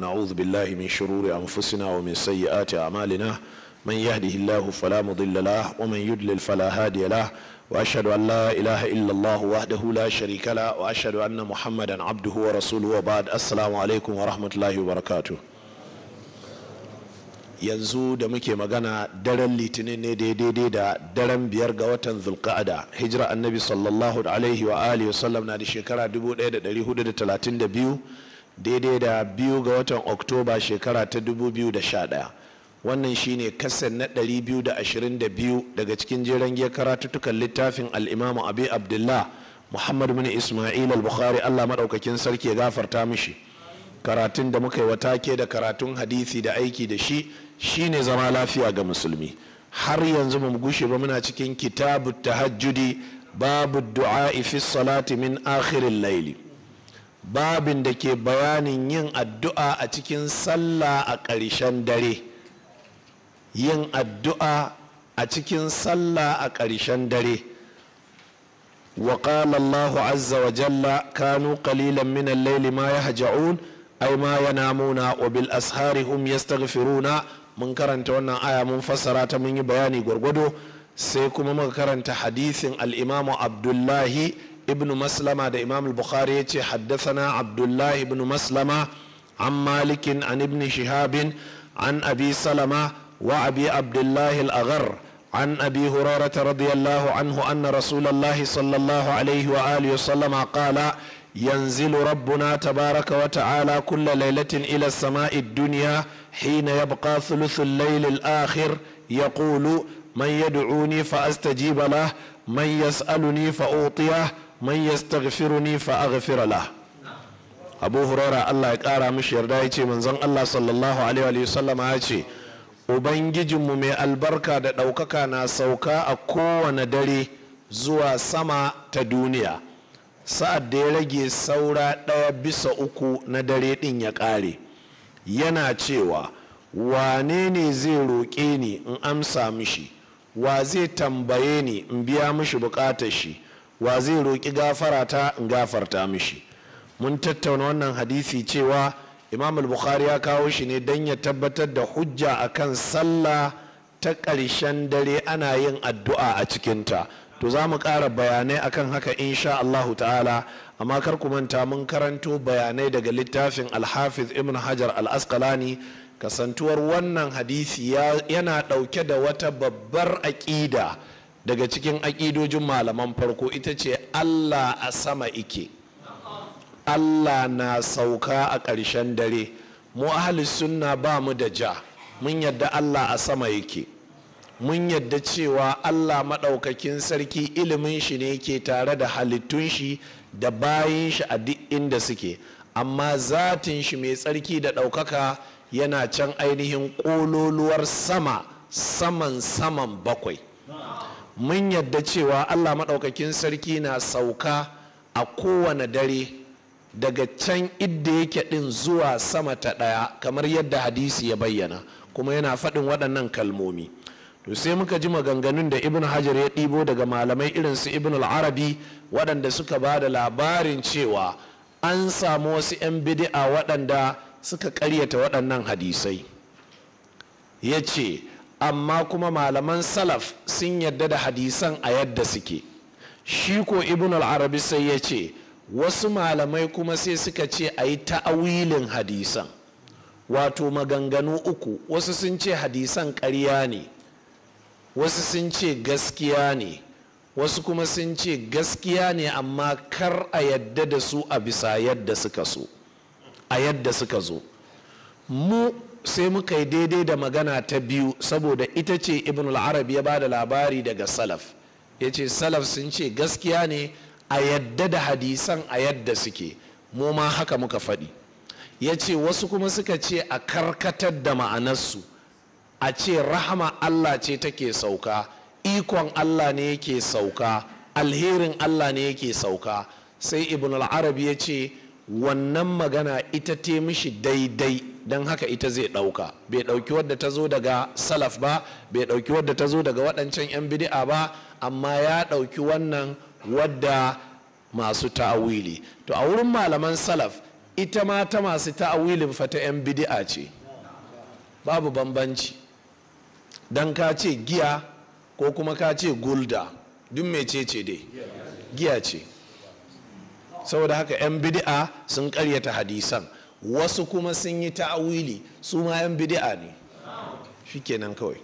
ونعوذ بالله من شرور أنفسنا ومن سيئات أعمالنا من يهده الله فلا مضل له ومن يدلل فلا هادي له وأشهد أن لا إله إلا الله وحده لا شريك له وأشهد أن محمدا عبده ورسوله وبعد السلام عليكم ورحمة الله وبركاته yanzu da muke magana daren litinin ne daidai da daren biyar ga watan zulka'ada hijira annabi sallallahu alaihi wa alihi wasallam na da shekara 1432 daidai da biyu ga watan oktoba shekara ta 2011 wannan shine kasan na 222 daga cikin jeren giyar karatuttukan littafin al'imamu abi abdullah muhammad bin ismail al-bukhari allah maɗaukakin sarki ya gafarta mishi karatun da muka yi wata ke da karatun hadisi da aiki da shi shine zama lafiya ga musulmi har yanzu mu gushe ba muna cikin kitabu tahajjudi babu du'a fi salati min akhirin laili babin da ke bayanin yin addu'a a cikin sallah a ƙarshen dare yin addu'a a cikin sallah a ƙarshen dare wa qala Allahu azza wa jalla kanu qalilan min al-layli ma yahja'un ay ma yanamuna wa bil ashari hum yastaghfiruna mun karanta wannan aya mun fassara ta mun yi bayani gwargwado sai kuma muka karanta hadisin al-imamu Abdullahi ابن مسلمة ده إمام البخاري bukhari ya ce haddasana abdullahi ibnu عن an malikin an ibn shihabin an abi salama wa abi عن أبي هريرة رضي الله عنه أن رسول الله صلى الله عليه وآله وسلم قال ينزل ربنا تبارك وتعالى كل ليلة إلى السماء الدنيا حين يبقى ثلث الليل الآخر يقول من يدعوني فأستجيب له من يسألني فأعطيه man yastaghfiruni fa aghfir lah abu hurara allah ya kara mishi yarda ya ce manzon allah sallallahu alaihi sallama ya ce ubangijinmu mai albarka da ɗaukaka na sauka a kowane dare zuwa sama ta duniya sa'ad da ya rage saura ɗaya bisa uku na dare ɗin ya kare yana cewa wane ne zai roƙe ni in amsa mishi wa zai tambaye ni in biya mishi buƙatar shi wa zai roƙi gafara ta in gafarta mishi mun tattauna wannan hadisi cewa imam al-bukhari ya kawo shi ne don ya tabbatar da hujja akan sallah ta ƙarshen dare ana yin addu'a a cikinta to za mu ƙara bayanai akan haka insha Allahu ta'ala amma kar ku manta mun karanto bayanai daga littafin alhafiz ibn hajar al-asqalani kasantuwar wannan hadisi yana ɗauke da wata babbar aƙida daga cikin aƙidojin malaman farko ita ce allah a sama ike allah na sauka a ƙarshen dare mu ahli sunna ba mu da ja mun yadda allah a sama yake mun yadda cewa allah maɗaukakin sarki ilimin shi ne ke tare da halittun shi da bayan shi a duk inda suke amma zatin shi mai tsarki da ɗaukaka yana can ainihin ƙololuwar sama saman saman bakwai mun yadda cewa allah maɗaukakin sarki na sauka a kowane dare daga can idda yake ɗin zuwa sama ta ɗaya kamar yadda hadisi ya bayyana kuma yana faɗin waɗannan kalmomi to sai muka ji maganganun da ibn hajar ya ɗibo daga malamai irinsu ibn al-arabi waɗanda suka ba da labarin cewa an samu wasu 'yan bidi'a waɗanda suka karyata waɗannan hadisai ya ce amma kuma malaman salaf sun yadda da hadisan a yadda suke shi ko ibn al-arabi sai ya ce wasu malamai kuma sai suka ce a yi ta'awilin hadisan wato maganganu uku wasu sun ce hadisan ƙarya ne wasu sun ce gaskiya ne wasu kuma sun ce gaskiya ne amma kar a yadda da su a bisa yadda suka so a yadda suka zo mu sai muka yi daidai da magana ta biyu saboda ita ce ibn al-arab ya ba da labari daga salaf ya ce salaf sun ce gaskiya ne a yadda da hadisan a yadda suke mu ma haka muka faɗi ya ce wasu kuma suka ce a karkatar da ma'anarsu a ce rahama allah ce take sauka ikon allah ne yake sauka alherin allah ne yake sauka sai ibn al-arab ya ce wannan magana ita te mishi daidai don haka ita zai ɗauka bai ɗauki wadda ta zo daga salaf ba bai ɗauki wadda ta zo daga waɗancan 'yan bidi'a ba amma ya ɗauki wannan wadda masu ta'awili to a wurin malaman salaf ita ma ta masu ta'awilin fa ta 'yan bidi'a ce babu bambanci don ka ce giya ko kuma ka ce gulda duk mecece dai giya ce saboda haka 'yan bidi'a sun karyata hadisan wasu kuma sun yi ta'awili su ma yan bidi'a ne shi kenan kawai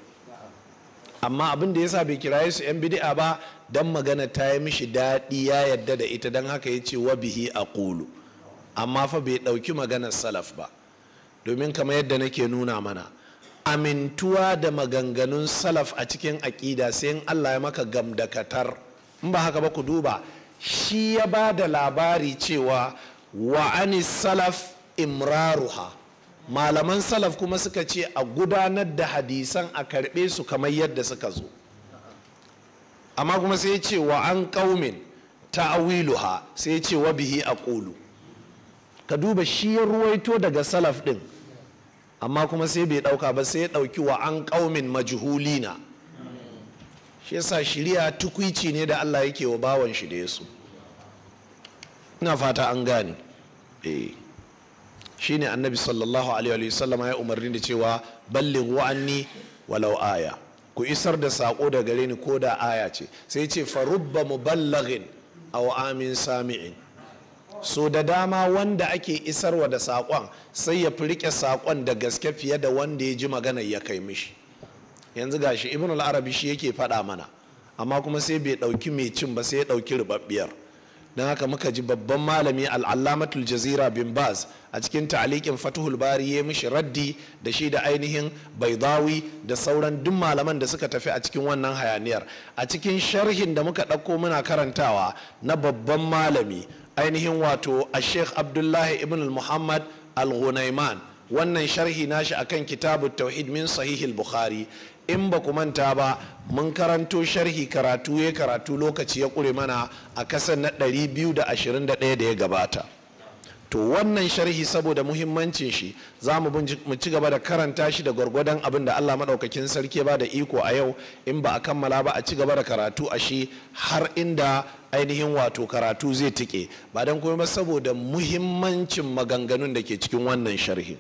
amma abin da ya sa bai kira su yan bidi'a ba don magana ta yi mishi daɗi ya yadda da ita don haka ya ce wa a Kulu amma fa bai ɗauki maganar salaf ba domin kamar yadda nake nuna mana amintuwa da maganganun salaf a cikin aƙida sai in allah ya maka gamdakatar in ba haka ba ku duba shi ya ba da labari cewa wa'ani salaf imraruha malaman salaf kuma suka ce a gudanar da hadisan a karɓe su kamar yadda suka zo amma kuma sai ce wa an ƙaumin ta'awiluha sai ce wa bihi a Kulu ka duba shi ya ruwaito daga salaf ɗin amma kuma sai bai ɗauka ba sai ya ɗauki wa an ƙaumin majhulina shi yasa shirya tukwici ne da allah yake wa bawan shi da yasu ina fata an gane eh shine annabi sallallahu alaihi wa sallam ya umarni da cewa ballighu anni walau aya ku isar da sako da gare ni ko da aya ce sai ce fa rubba muballighin aw amin sami'in so da dama wanda ake isarwa da sakon sai ya furike sakon da gaske fiye da wanda ya ji magana ya kai mishi yanzu gashi ibn al-arabi shi yake faɗa mana amma kuma sai bai ɗauki mai cin ba sai ya ɗauki rubabbiyar don haka muka ji babban malami al-allamatul jazira bin baz a cikin ta'alikin fatuhul bari ya mishi raddi da shi da ainihin baidawi da sauran duk malaman da suka tafi a cikin wannan hayaniyar a cikin sharhin da muka ɗauko muna karantawa na babban malami ainihin wato a sheikh abdullahi ibn muhammad al-ghunaiman wannan sharhi nashi kan kitabu tauhid min sahihil bukhari in ba ku manta ba mun karanto sharhi karatu ya karatu lokaci ya ƙure mana a kasan na 221 da ya gabata to wannan sharhi saboda muhimmancin shi za mu ci gaba da karanta shi da gwargwadon abin da Allah maɗaukakin sarki ba da iko a yau in ba a kammala ba a ci gaba da karatu a shi har inda ainihin wato karatu zai tike ba don kuma saboda muhimmancin maganganun da ke cikin wannan sharhi.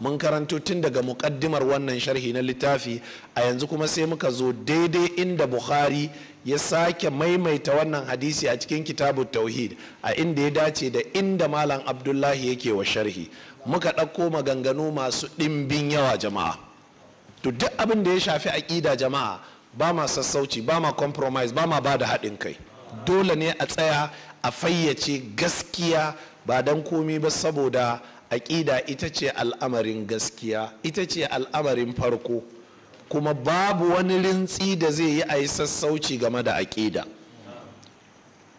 mun karanto tun daga mukaddimar wannan sharhi na littafi a yanzu kuma sai muka zo daidai inda bukhari ya sake maimaita wannan hadisi a cikin kitabu tauhid a inda ya dace da inda malam abdullahi yake wa sharhi muka ɗauko maganganu masu ɗimbin yawa jama'a to duk abin da ya shafi aƙida jama'a ba ma sassauci ba ma compromise ba ma ba da haɗin kai dole ne a tsaya a fayyace gaskiya ba don komi ba saboda aƙida ita ce al'amarin gaskiya ita ce al'amarin farko kuma babu wani rintsi da zai yi a yi sassauci game da aƙida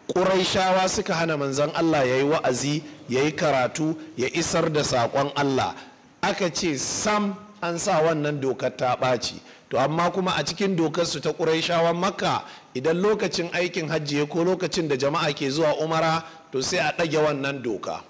ƙuraishawa suka hana manzan allah ya yi wa'azi ya yi karatu ya isar da saƙon allah aka ce sam an sa wannan dokar ta ɓaci to amma kuma a cikin dokarsu ta ƙuraishawa makka idan lokacin aikin hajji ko lokacin da jama'a ke zuwa umara to sai a ɗage wannan doka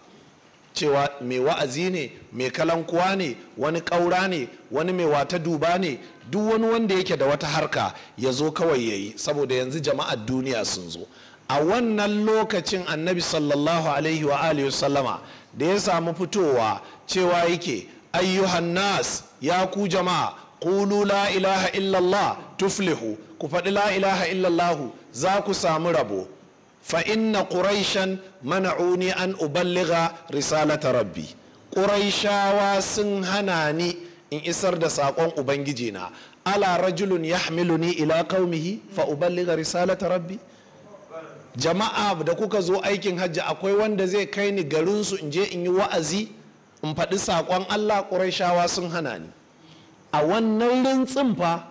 cewa mai wa'azi ne mai kalankuwa ne wani ƙaura ne wani mai wata duba ne duk wani wanda yake da wata harka ya zo kawai ya yi saboda yanzu jama'ar duniya sun zo a wannan lokacin annabi sallallahu alaihi wa alihi sallama da ya samu fitowa cewa yake ayyuhan nas ya ku jama'a qulu la ilaha illallah tuflihu ku faɗi la ilaha illallahu za ku samu rabo fa inna quraishan mana'uni an uballiga risalata rabbi quraishawa sun hana ni in isar da saƙon ubangiji na ala rajulun ni ila qaumihi fa uballiga risalata rabbi jama'a da kuka zo aikin hajji akwai wanda zai kai ni garinsu in je in yi wa'azi in faɗi saƙon allah ƙuraishawa sun hana ni a wannan rintsin fa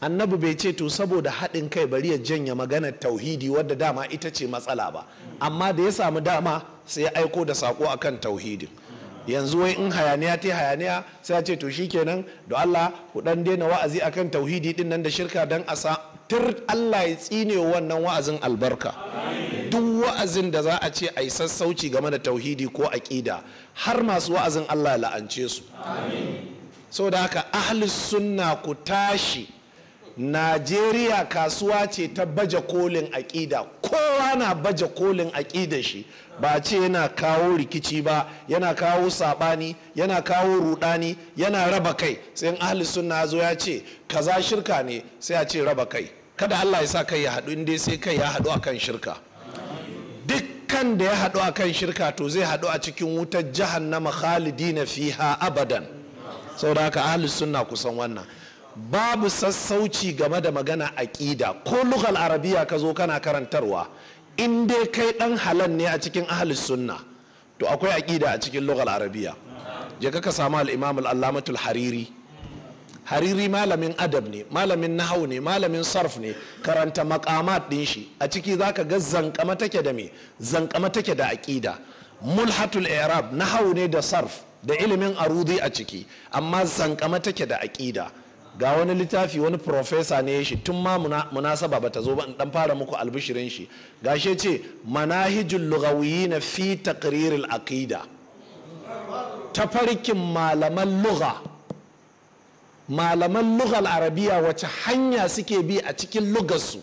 annabi bai ce to saboda haɗin kai bari ya janya maganar tauhidi wadda dama ita ce matsala ba amma da ya samu dama sai ya aiko da sako akan Tauhidi yanzu wai in hayaniya ta hayaniya sai ya ce to shikenan da Allah ku dan daina wa'azi akan tauhidi din nan da shirka dan asa tur Allah ya tsine wannan wa'azin albarka duk wa'azin da za a ce ai sassauci game da tauhidi ko aƙida har masu wa'azin Allah la'ance su saboda haka ahlus sunna ku tashi najeriya kasuwa ce ta baje kolin aƙida kowa na baje kolin aƙidar shi ba ce yana kawo rikici ba yana kawo saɓani yana kawo rudani yana raba kai sai in ahli sunna zo ya ce kaza shirka ne sai ya ce raba kai kada allah ya sa kai ya haɗu inda sai kai ya haɗu akan shirka dukkan da ya haɗu akan shirka to zai haɗu a cikin wutar jahannama khalidina fiha abadan saboda haka ahli sunna kusan wannan babu sassauci game da magana aƙida ko lughal arabiya ka zo kana karantarwa in dai kai ɗan halal ne a cikin ahlus sunna to akwai aƙida a cikin lughal arabiya je ka samu al-imam al-allamatul hariri hariri malamin adab ne malamin nahau ne malamin sarf ne karanta maqamat din shi a ciki zaka ga zankama take da me zankama take da aqida mulhatul i'rab nahau ne da sarf da ilimin arudi a ciki amma zankama take da aqida ga wani littafi wani profesa ne shi tun ma munasaba bata zo ba in dan fara muku albishirin shi gashi ce manahijul lughawiyyin fi taqriril aqida tafarkin malaman lugha malaman lughal arabiya wace hanya suke bi a cikin lugarsu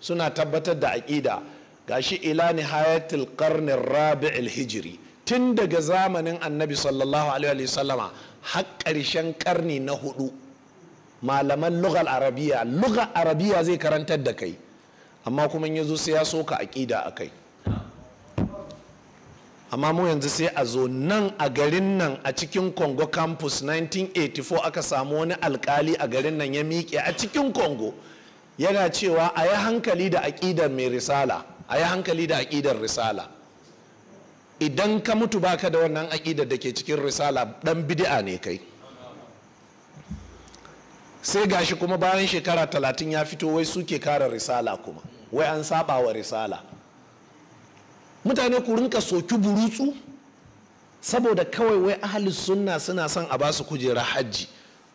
suna tabbatar da aqida gashi ila nihayatil qarni rabi'il hijri tun daga zamanin annabi sallallahu alaihi wa sallama har ƙarshen ƙarni na hudu malaman lugal arabiya lugal arabiya zai karantar da kai amma kuma ya zo sai ya soka aƙida a kai amma mu yanzu sai a zo nan a garin nan a cikin congo campus 1984 aka samu wani alkali a garin nan ya miƙe a cikin congo yana cewa a yi hankali da aƙidar mai risala a yi hankali da aƙidar risala idan ka mutu baka da wannan aƙidar da ke cikin risala ɗan bidi'a ne kai sai gashi kuma bayan shekara talatin ya fito wai suke kara risala kuma wai an saba wa risala mutane ku rinka soki burutsu saboda kawai wai ahli sunna suna son a basu kujera hajji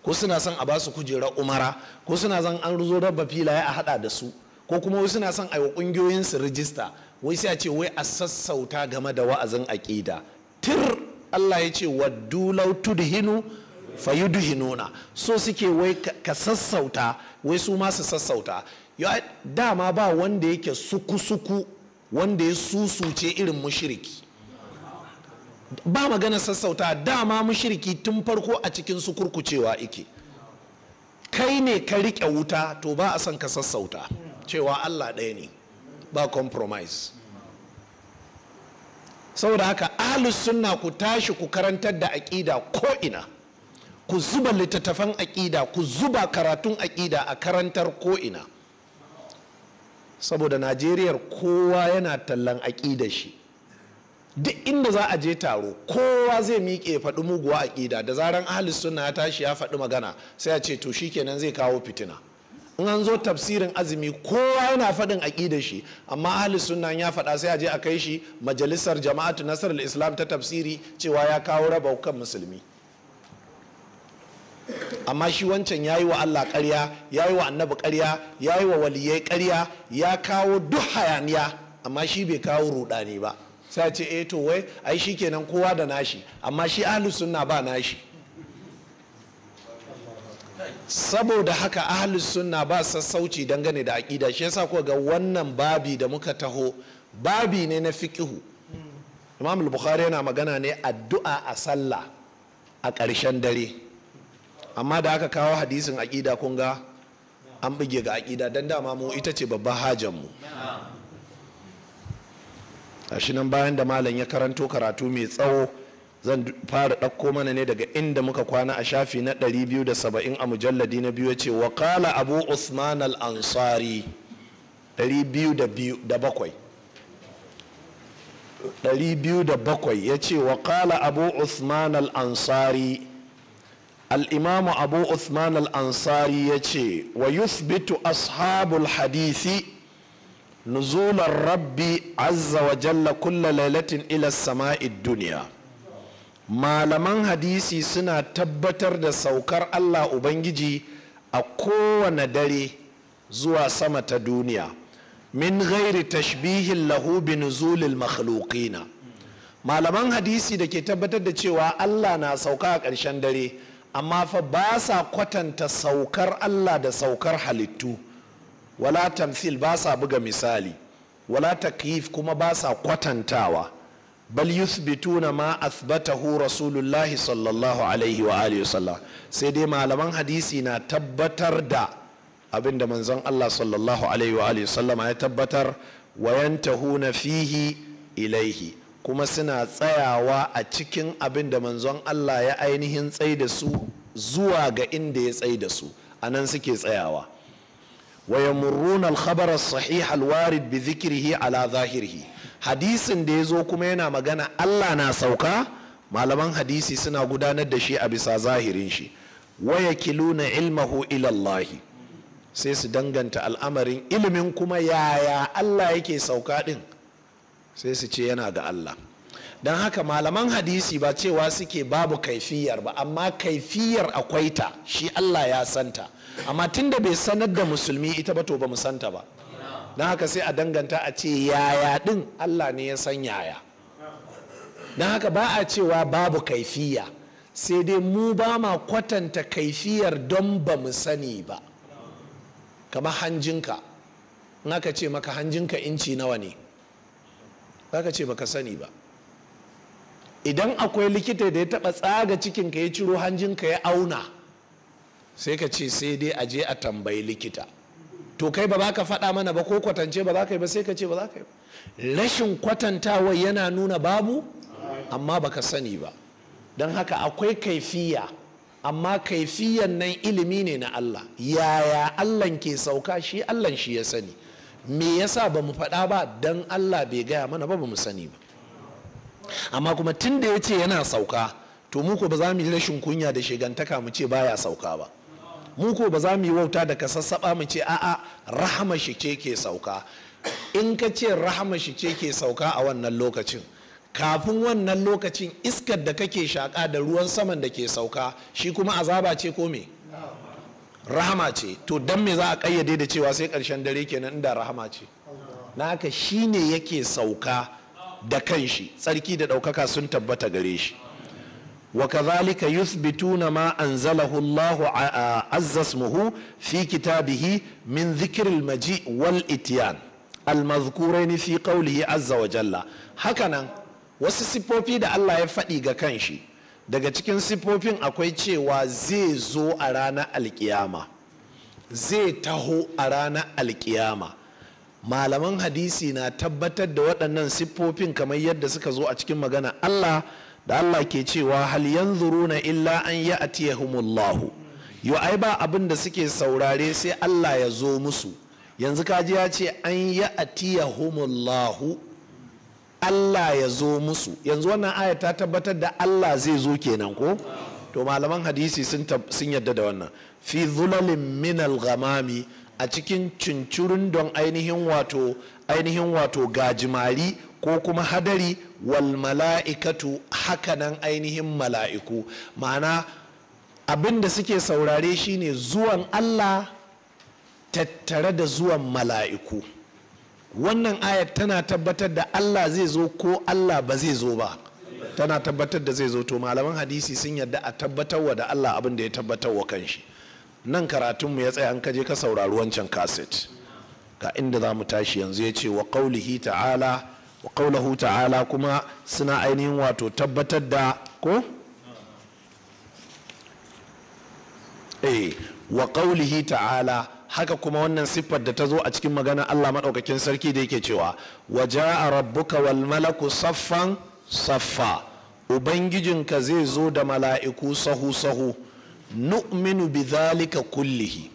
ko suna son a basu kujera umara ko suna son an zo rabba filaye a hada da su ko kuma wai suna son a yi kungiyoyin su rijista wai sai a ce wai a sassauta game da wa'azin aƙida tir Allah ya ce waddu law tudhinu nuna so suke wai ka sassauta wai su ma su sassauta dama ba wanda yake suku-suku wanda ya susuce irin mushiriki ba magana sassauta dama mushiriki tun farko a cikin su kurkucewa ike kai ne ka riƙe wuta to ba a son ka sassauta cewa allah ɗaya ne ba compromise saboda haka ahlus sunna ku tashi ku karantar da aƙida ko ina ku zuba littattafan aƙida ku zuba karatun aƙida a karantar ko'ina saboda najeriyar kowa yana tallan aƙida shi duk inda za a je taro kowa zai miƙe faɗi muguwa aƙida da zaran ahalis suna ya tashi ya faɗi magana sai a ce to shi shikenan zai kawo fitina in an zo tafsirin azumi kowa yana faɗin aƙida shi amma ahli sunna ya faɗa sai a je a kai shi majalisar jama'atu nasarar islam ta tafsiri cewa ya kawo raba kan musulmi amma shi wancan ya yi wa Allah karya ya yi wa annabi karya ya yi wa waliyai karya ya kawo duk hayaniya amma shi bai kawo ruɗani ba sai ce eh to wai ai shi kenan kowa da nashi amma shi ahlu sunna ba nashi saboda haka ahlu sunna ba sassauci dangane da aƙida shi yasa ko ga wannan babi da muka taho babi ne na fiqihu imam al-bukhari yana magana ne addu'a a sallah a ƙarshen dare amma da aka kawo hadisin aƙida kun ga an buge ga aƙida don dama mu ita ce babban hajjan mu shi nan bayan da malam ya karanto karatu mai tsawo zan fara ɗauko mana ne daga inda muka kwana a shafi na 270 a mujalladi na biyu ce wa kala abu usman al-ansari 207 ya ce wa kala abu usman al-ansari al'imamu abu usman al'ansari ya ce wa yuthbitu ashabul hadisi nuzular rabbi azza wa jalla kulla lailatin ila sama'id duniya malaman hadisi suna tabbatar da saukar allah ubangiji a kowane dare zuwa sama ta duniya min ghairi tashbihin lahu nuzulin nuzulil malaman hadisi da ke tabbatar da cewa allah na sauka a ƙarshen dare amma fa ba sa kwatanta saukar Allah da saukar halittu wala tamthil ba sa buga misali wala takyif kuma ba sa kwatantawa bal yuthbituna ma athbatahu rasulullahi sallallahu alaihi wa alihi wasallam sai dai malaman hadisi na tabbatar da abinda manzon Allah sallallahu alaihi wa alihi wasallam ya tabbatar wa yantahuna fihi ilaihi kuma suna tsayawa a cikin abin da manzon Allah ya ainihin tsai da su zuwa ga inda ya tsai da su a nan suke tsayawa waya yamurruna al-khabar sahih al-warid bi dhikrihi ala zahirihi hadisin da ya zo kuma yana magana Allah na sauka malaman hadisi suna gudanar da shi a bisa zahirin shi waya kiluna ilmahu ila Allah sai su danganta al'amarin ilimin kuma yaya Allah yake sauka din sai su ce yana ga Allah don haka malaman hadisi ba cewa suke babu kaifiyar ba amma kaifiyar akwai ta shi Allah ya santa amma tunda bai sanar da musulmi ita ba to ba mu santa ba don haka sai a danganta a ce yaya din Allah ne ya san yaya don haka ba a cewa babu kaifiya sai dai mu ba ma kwatanta kaifiyar don ba mu sani ba kamar hanjinka in aka ce maka hanjinka inci nawa ne za ka ce baka sani ba idan akwai likita da ya taba tsaga ka ya ciro hanjinka ya auna sai ka ce sai dai a je a tambayi likita to kai ba za ka faɗa mana ba ko kwatance ba za ka yi ba sai ka ce ba za ka yi rashin kwatantawa yana nuna babu amma baka sani ba don haka akwai kaifiya amma kaifiyan nan ilimi ne na Allah yaya Allah ke sauka shi Allah shi ya sani me yasa ba mu faɗa ba dan Allah bai gaya mana ba ba mu sani ba amma kuma tun da ya ce yana sauka to mu ko ba za mu yi rashin kunya da shigantaka mu ce baya sauka ba mu ko ba za mu yi wauta da kasassaba mu ce a'a rahama shi ce ke sauka in ka ce rahama shi ce ke sauka a wannan lokacin kafin wannan lokacin iskar da kake shaka da ruwan saman da ke sauka shi kuma azaba ce ko me rahama ce to dan me za a kayyade da cewa sai karshen dare kenan inda rahama ce na haka ne yake sauka da kanshi tsarki da ɗaukaka sun tabbata gare shi wa kazalika yuthbituna ma anzalahu Allah azza smuhu fi kitabihi min dhikril maji wal ityan al mazkurain fi qawlihi azza wa jalla hakanan wasu siffofi da Allah ya faɗi ga kanshi daga cikin siffofin akwai cewa zai zo a ranar alkiyama zai taho a ranar alkiyama malaman hadisi na tabbatar da waɗannan siffofin kamar yadda suka zo a cikin magana Allah da Allah ke cewa hal yanzuruna illa an ya'tiyahumullahu yau ai ba abin da suke saurare sai Allah ya zo musu yanzu kaji ya ce an humullahu. Allah ya zo musu yanzu wannan aya ta tabbatar da Allah zai zo kenan ko to malaman hadisi sun yadda da wannan fi zulalin minal ghamami a cikin cincirin don ainihin wato ainihin wato gajimari ko kuma hadari wal mala'ikatu hakanan ainihin mala'iku ma'ana abin da suke saurare shine zuwan Allah tattare da zuwan mala'iku wannan ayat tana tabbatar da Allah zai zo ko Allah ba zai zo ba tana tabbatar da zai zo to malaman hadisi sun yarda a tabbatarwa da Allah abin da ya tabbatarwa kanshi nan karatunmu ya tsaya an kaje ka saurari wancan kaset ga inda za mu tashi yanzu ya ce wa qaulihi ta'ala wa qaulahu ta'ala kuma suna ainihin wato tabbatar da ko eh wa qaulihi ta'ala haka kuma wannan siffar da ta zo a cikin magana Allah maɗaukakin sarki da yake cewa waje a rabbuka wal malaku saffan saffa ubangijinka zai zo da mala'iku sahu sahu nu'minu bi zalika kullihi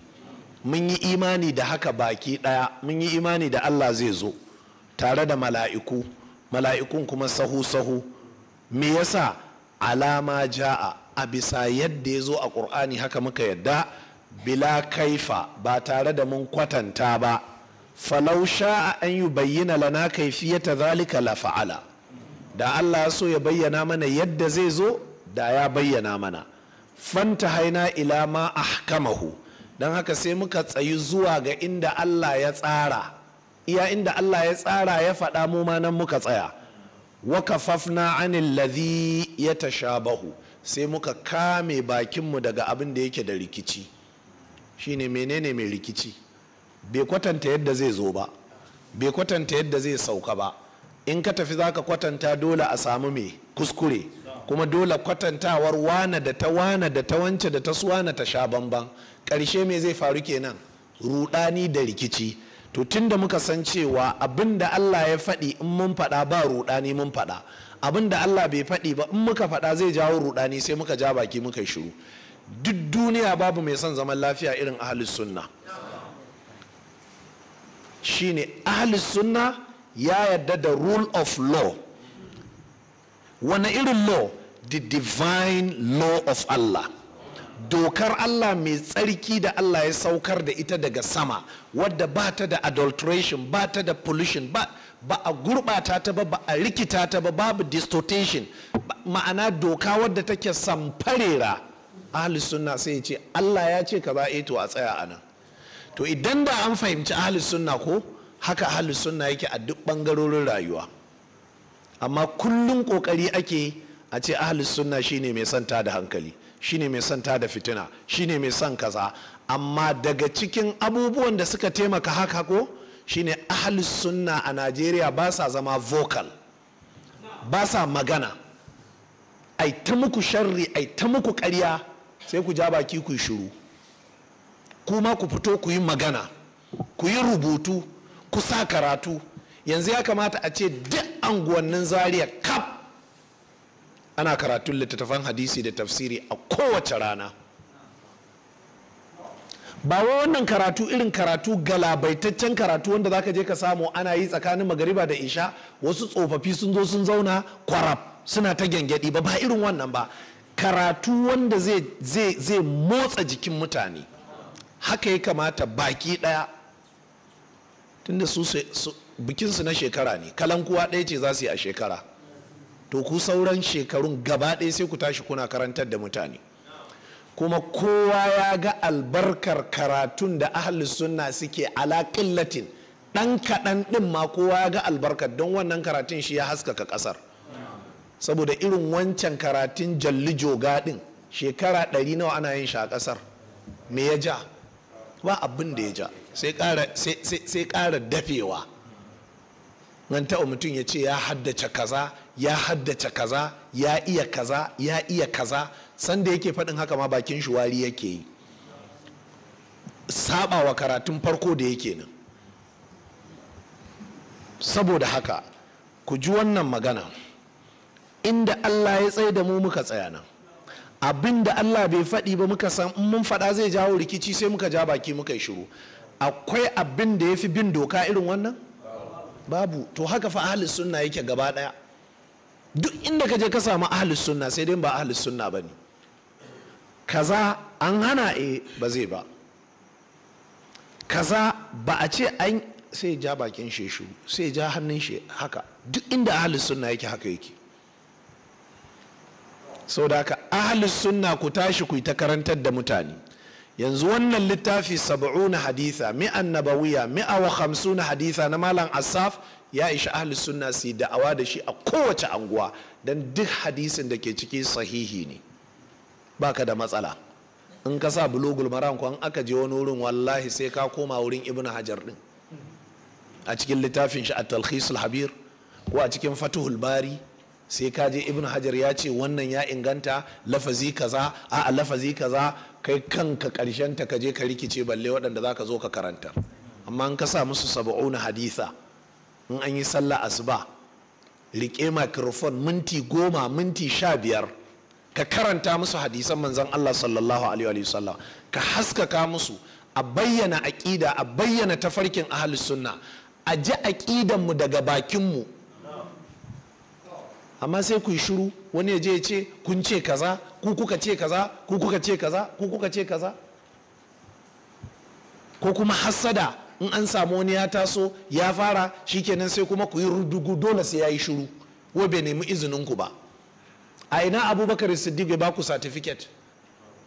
mun yi imani da haka baki ɗaya mun yi imani da Allah zai zo tare da mala'iku mala'ikun kuma sahu sahu me yasa alama ja'a a bisa yadda ya zo a ƙur'ani haka muka yadda bila kaifa ba tare da mun kwatanta ba falau sha'a an yi bayyana lana kaifiyata zalika la fa'ala da Allah so ya bayyana mana yadda zai zo da ya bayyana mana fanta haina ila ma ahkamahu don haka sai muka tsayi zuwa ga inda Allah ya tsara iya inda Allah ya tsara ya faɗa mu ma nan muka tsaya wa kafafna anil ladhi bahu. sai muka kame bakinmu daga abin da yake da rikici shine menene mai rikici bai kwatanta yadda zai zo ba bai kwatanta yadda zai sauka ba in ka tafi zaka kwatanta dole a samu mai kuskure kuma dole kwatantawar wana da ta wana da ta wance da ta suwana ta sha bamban ƙarshe mai zai faru kenan rudani da rikici to tunda muka san cewa abin da Allah ya faɗi in mun faɗa ba rudani mun faɗa abin da Allah bai faɗi ba in muka faɗa zai jawo rudani sai muka ja baki muka shiru duk duniya babu mai son zaman lafiya irin ahalus sunna shine ahalus sunna ya yarda da rule of law wani irin law the divine law of Allah dokar Allah mai tsarki da Allah ya saukar da ita daga sama wadda ba ta da adulteration ba ta da pollution ba ba a gurɓata ta ba ba a rikita ta ba babu distortation ma'ana doka wadda take samfarera ahli sunna sai ya ce Allah ya ce ka kaza a eh to a tsaya a nan to idan da an fahimci ahli sunna ko haka ahli sunna yake a duk bangarorin rayuwa amma kullum kokari ake a ce ahli sunna shine mai santa da hankali shine mai santa da fitina shine mai son kaza amma daga cikin abubuwan da suka taimaka haka ko shine ahli sunna a Najeriya ba sa zama vocal ba sa magana ai ta muku sharri ai ta muku ƙarya sai ku ja baki ku yi shiru kuma ku fito ku yi magana ku yi rubutu ku sa karatu yanzu ya kamata a ce duk anguwannin zaria kaf ana karatun littattafan hadisi da tafsiri a kowace rana ba wai wannan karatu irin karatu galabaitaccen karatu wanda za ka je ka samu ana yi tsakanin magariba da isha wasu tsofaffi sun zo sun zauna kwarab suna ta gyangyaɗi ba ba irin wannan ba karatu wanda zai motsa jikin mutane haka ya kamata baki ɗaya tunda su bikinsu na shekara ne kalankuwa ɗaya ce za su yi a shekara to ku sauran shekarun gaba ɗaya sai ku tashi kuna karantar da mutane kuma kowa ya ga albarkar karatun da ahli sunna suke alaƙin latin ɗan kaɗan ɗin ma kowa ya ga albarkar don wannan karatun shi ya haskaka ƙasar saboda irin wancan karatun jalli joga shekara ɗari nawa ana yin sha ƙasar me ya ja ba abin da ya ja sai ƙara dafewa nan taɓa mutum ya ce ya haddace kaza ya haddace kaza ya iya kaza ya iya kaza sanda yake faɗin haka ma bakin shuwari yake yi saba wa karatun farko da yake nan saboda haka ku ji wannan magana inda Allah ya tsaye da mu muka tsaya nan abin da Allah bai faɗi ba muka san in mun faɗa zai jawo rikici sai muka ja baki muka yi shiru akwai abin da ya fi bin doka irin wannan babu to haka fa ahlus sunna yake gaba ɗaya duk inda ka je ka samu ahlus sunna sai dai ba ahlus sunna ba ne kaza an hana e ba zai ba kaza ba a ce an sai ja bakin shi sai ja hannun shi haka duk inda ahlus sunna yake haka yake sau da haka ahalus sunna ku tashi ku yi ta karantar da mutane yanzu wannan littafi na haditha mi'an nabawiya mi'awa wa na haditha na malam asaf ya ishi ahalus sunna su yi da'awa da shi a kowace anguwa don duk hadisin da ke ciki sahihi ne baka da matsala in ka sa bulugul maram ko aka je wani wurin wallahi sai ka koma wurin ibn hajar din a cikin littafin shi a talkhisul habir ko a cikin fatuhul bari sai ka je ibn hajar ya ce wannan ya inganta lafazi kaza a lafazi kaza kai kanka karshen ta kaje ka rikice balle waɗanda za ka zo ka karanta amma an ka sa musu saba'una haditha in an yi sallah asuba rike microphone minti goma minti sha biyar ka karanta musu hadisan manzon Allah sallallahu alaihi wasallam ka haskaka musu a bayyana aƙida a bayyana tafarkin ahlus sunna a ji mu daga bakin mu amma sai ku yi shiru wani ya je ya ce kun ce kaza ku kuka ce kaza ku kuka ce kaza ku kuka ce kaza ko kuma hassada in an samu wani ya taso ya fara shi shikenan sai kuma ku yi rudugu dole sai ya yi shiru wai bai nemi izinin ku ba a ina abubakar siddiq bai baku satifiket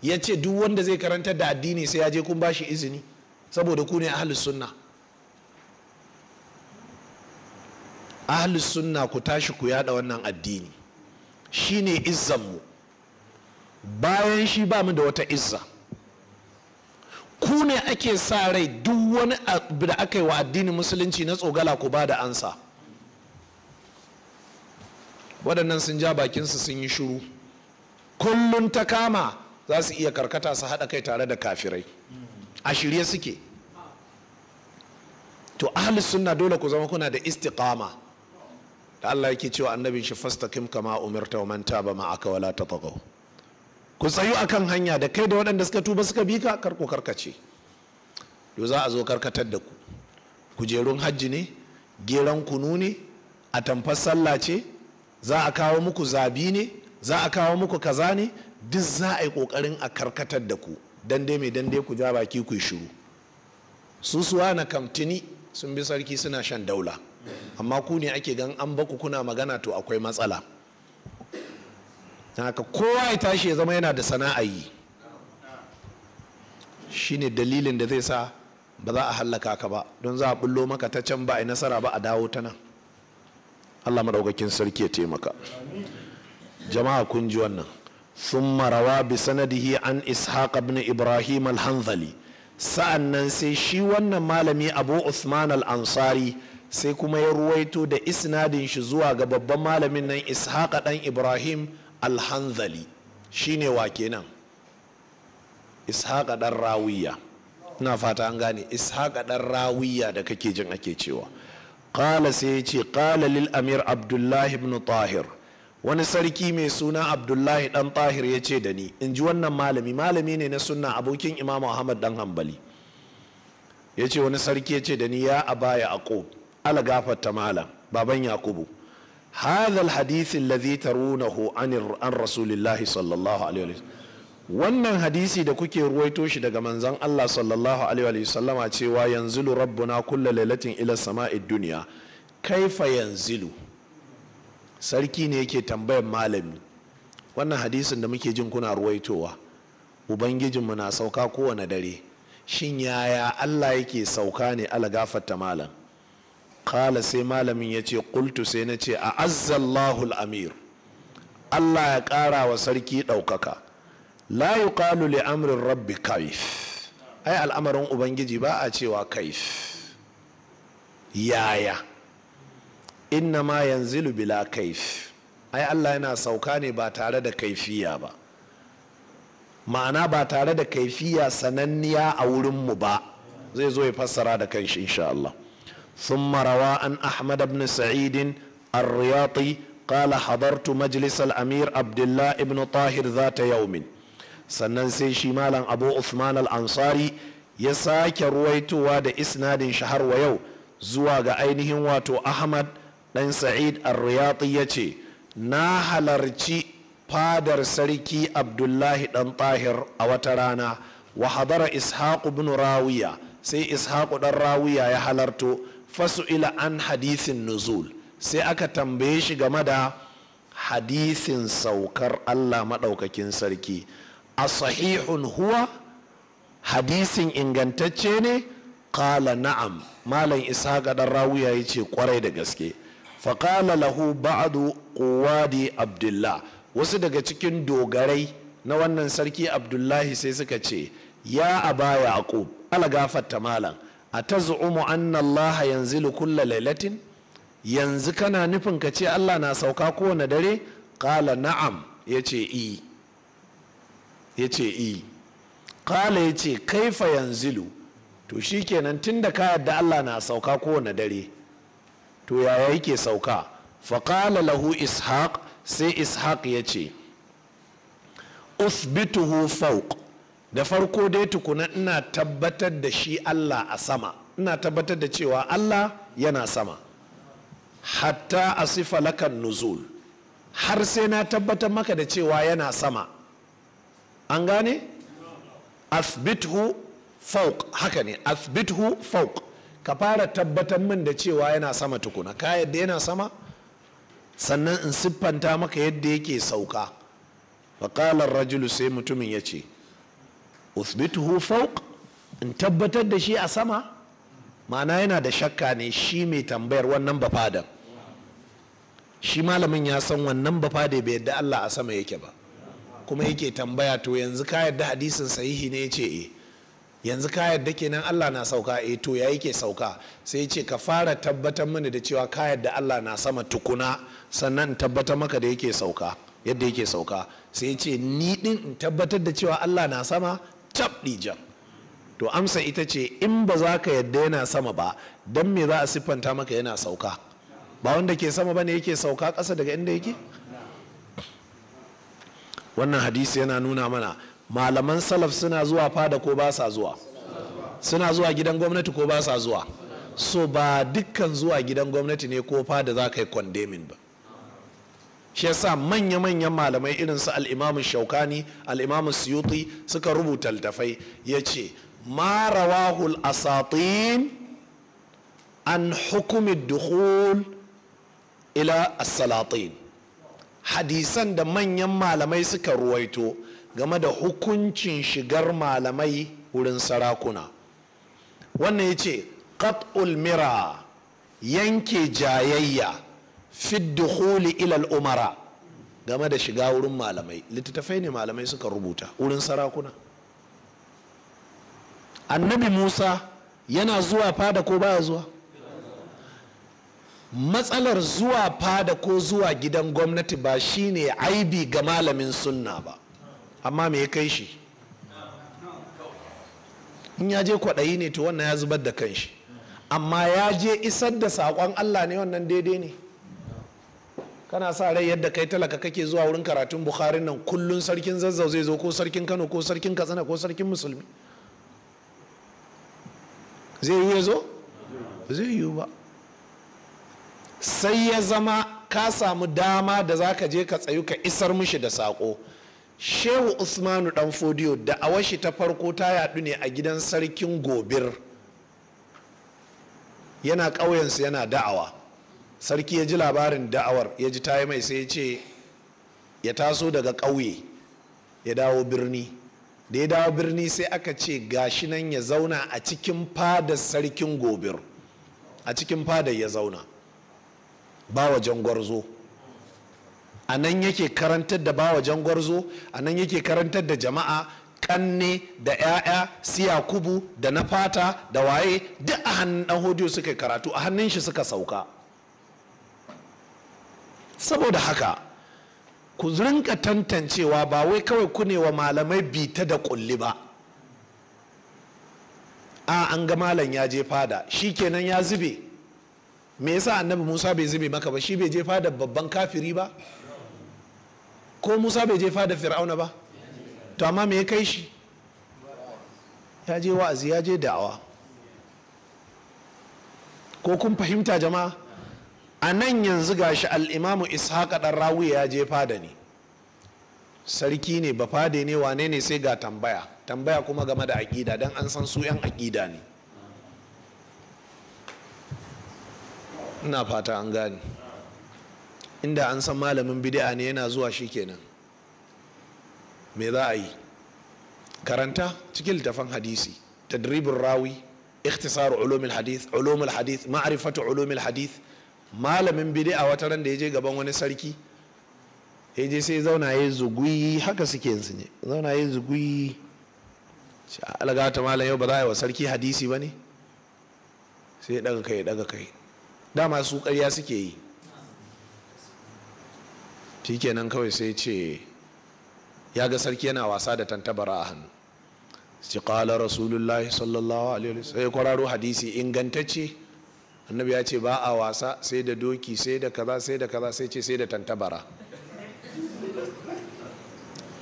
ya ce duk wanda zai karanta da addini sai ya je kun ba shi izini saboda ku ne ahlus sunna ahlus sunna ku tashi ku yada wannan addini shine izzan mu bayan shi ba mu da wata izza ku ne ake sa rai duk wani abu da aka yi wa addinin musulunci na tsogala ku ba da ansa waɗannan sun ja su sun yi shuru kullum ta kama za su iya karkata su haɗa kai tare da kafirai a shirye suke to ahli sunna dole ku zama kuna da istiqama da Allah yake cewa Annabi shi fastaqim kama umirta wa man taba ma'aka wala tatagaw ku tsayu akan hanya da kai da waɗanda suka tuba suka bi ka karko karkace to za a zo karkatar da ku kujerun hajji ne geran kunu ne a tamfar sallah ce za a kawo muku zabi ne za a kawo muku kaza ne duk za a yi kokarin a karkatar da ku dan dai mai dan dai ku ja baki ku shiru su suwa na kamtini sun bi sarki suna shan daula amma ku ne ake gan an baku kuna magana to akwai matsala haka kowa ya tashi ya zama yana da sana'a yi Shi ne dalilin da zai sa ba za a hallaka ka ba don za a bullo maka ta can ba a nasara ba a dawo ta nan allah maɗaukakin sarki ya taimaka jama'a kun ji wannan sun marawa bi sanadihi an ishaq ibn ibrahim al-hanzali sa'an nan sai shi wannan malami abu usman al-ansari sai kuma ya ruwaito da isnadin shi zuwa ga babban malamin nan ishaqa dan ibrahim alhanzali shine wa kenan ishaqa dan rawiya ina fata an gane ishaqa dan rawiya da kake jin ake cewa Ƙala sai ya ce qala lil amir abdullahi ibn tahir wani sarki mai suna abdullahi dan tahir ya ce da ni in ji wannan malami malami ne na sunna abokin Imam ahmad dan hambali ya ce wani sarki ya ce da ni ya abaya aqub ala gafarta malam baban yakubu hadha alhadith alladhi tarunahu an an rasulillahi sallallahu alaihi wasallam wannan hadisi da kuke ruwaito shi daga manzon Allah sallallahu alaihi wasallama cewa yanzilu rabbuna kulla lailatin ila sama'i dunya kaifa yanzilu sarki ne yake tambayar malami wannan hadisin da muke jin kuna ruwaitowa ubangijinmu na sauka kowane dare shin yaya Allah yake sauka ne ala gafarta malam kala sai malamin ya ce kultu sai na ce a azzallahu amir allah ya ƙara wa sarki ɗaukaka la kalu li amrin rabbi kaif ai al'amarin ubangiji ba a cewa kaif yaya inna ma yanzilu bila kaif ai allah yana sauka ne ba tare da kaifiya ba ma'ana ba tare da kaifiya sananniya a wurinmu ba zai zo ya fassara da kanshi insha Allah ثم روى عن أحمد بن سعيد الرياطي قال حضرت مجلس الأمير عبد الله بن طاهر ذات يوم sannan sai shi malam abu usman al-ansari ya sake ruwaitowa da isnadin shahar wa yau zuwa ga ainihin wato ahmad dan sa'id ar-riyati ya ce na halarci fadar sarki abdullahi dan tahir a wata rana wa hadara ishaq ibn rawiya sai ishaq dan rawiya ya halarto fasu ila an hadisin nuzul sai aka tambaye shi game da hadisin saukar allah maɗaukakin sarki a sahihun huwa hadisin ingantacce ne kala na'am malam isa ɗan rawuya ya ce kwarai da gaske faƙala lahu ba'adu abdullah wasu daga cikin dogarai na wannan sarki abdullahi sai suka ce ya a yaqub ala gafarta malam a ta zu'umu anna Allah yanzilu kulla lailatin yanzu kana nufin ka ce Allah na sauka kowane dare qala na'am yace i yace i qala yace kaifa yanzilu to shikenan tunda ka yadda Allah na sauka kowane dare to yaya yake sauka faqala lahu ishaq sai ishaq yace usbituhu fauk. da farko dai tukuna ina tabbatar da shi Allah a sama ina tabbatar da cewa Allah yana sama hatta asifa lakan nuzul har sai na tabbatar maka da cewa yana sama an gane asbithu fauk haka ne asbithu fauk ka fara tabbatar min da cewa yana sama tukuna ka yadda yana sama sannan in siffanta maka yadda yake sauka faƙalar rajulu sai mutumin ya ce uthbituhu fauk in tabbatar da shi a sama ma'ana yana da shakka ne shi mai tambayar wannan ba bafadan shi malamin ya san wannan ba fada bai yadda Allah a sama yake ba kuma yake tambaya to yanzu ka yadda hadisin sahihi ne ce e yanzu ka yadda kenan Allah na sauka e to ya yake sauka sai ce ka fara tabbatar mini da cewa ka yadda Allah na sama tukuna sannan in tabbatar maka da yake sauka yadda yake sauka sai ce ni din in tabbatar da cewa Allah na sama cap jam to amsa ita ce in ba za ka yadda yana sama ba don me za a siffanta maka yana sauka ba wanda ke sama ba ne yake sauka kasa daga inda yake wannan hadisi yana nuna mana malaman salaf suna zuwa fada ko ba sa zuwa suna zuwa gidan gwamnati ko ba sa zuwa so ba dukkan zuwa gidan gwamnati ne ko fada za ka yi kwandemin ba shi yasa manya-manyan malamai irin su al'imamin shaukani al'imamin suyuti suka rubuta littafai ya ce ma asatin an hukumi dukhul ila asalatin hadisan da manyan malamai suka ruwaito game da hukuncin shigar malamai wurin sarakuna wannan ya ce mira yanke jayayya fid ilal umara game da shiga wurin malamai littattafai ne malamai suka rubuta wurin sarakuna annabi musa yana zuwa fada ko baya zuwa matsalar zuwa fada ko zuwa gidan gwamnati ba shine aibi ga malamin sunna ba amma me ya kai shi in ya je kwaɗayi ne to wannan ya zubar da kanshi amma ya je isar da saƙon allah ne wannan daidai ne kana sa rai yadda kai talaka kake zuwa wurin karatun bukhari nan kullun sarkin zazzau zai zo ko sarkin kano ko sarkin katsina ko sarkin musulmi zai yi zo zai yi ba sai ya zama ka samu dama da za ka je ka tsayu ka isar mishi da saƙo shehu usmanu dan fodiyo da awashi ta farko ta yadu ne a gidan sarkin gobir yana ƙauyensu yana da'awa sarki ya ji labarin da'awar ya ji ta mai sai ya ce ya taso daga ƙauye ya dawo birni da ya dawo birni sai aka ce gashi nan ya zauna a cikin fadar sarkin gobir a cikin fadar ya zauna ba wajen gwarzo a nan yake karantar da bawa gwarzo a nan yake karantar da jama'a kanne da 'ya'ya siya kubu da na fata da waye duk a hannun hodiyo suka karatu a hannun shi suka sauka saboda haka ku rinka tantancewa ba wai kawai ku ne wa malamai bita da kulli ba a an ga malam ya je fada shi kenan ya zube me yasa annabi musa bai zube maka ba shi bai je fada babban kafiri ba ko musa bai je fada fir'auna ba to amma me ya kai shi ya je wa'azi ya je da'awa ko kun fahimta jama'a a nan yanzu ga gashi al'imamu ishaq ɗan rawi ya je fada ne sarki ne ba fada ne wane ne sai ga tambaya tambaya kuma game da aƙida don an san su 'yan aƙida ne ina fata an gane inda an san malamin bid'a ne yana zuwa shi kenan me za a yi karanta cikin littafin hadisi tadribin rawi ikhtisar ulumul hadith ulumul hadith ma'rifatu ulumul hadith malamin a wata ran da ya je gaban wani sarki ya je sai zauna ya zugui haka suke yin ne zauna ya zugui shi alaga ta malam yau ba za a yi wa sarki hadisi ba ne sai ya daga kai ya daga kai dama su karya suke yi kenan kawai sai ce ya ga sarki yana wasa da tantabara a hannu sai qala rasulullahi sallallahu alaihi wasallam sai kwararo hadisi ingantacce annabi ya ce ba a wasa sai da doki sai da kaza sai da kaza sai ce sai da tantabara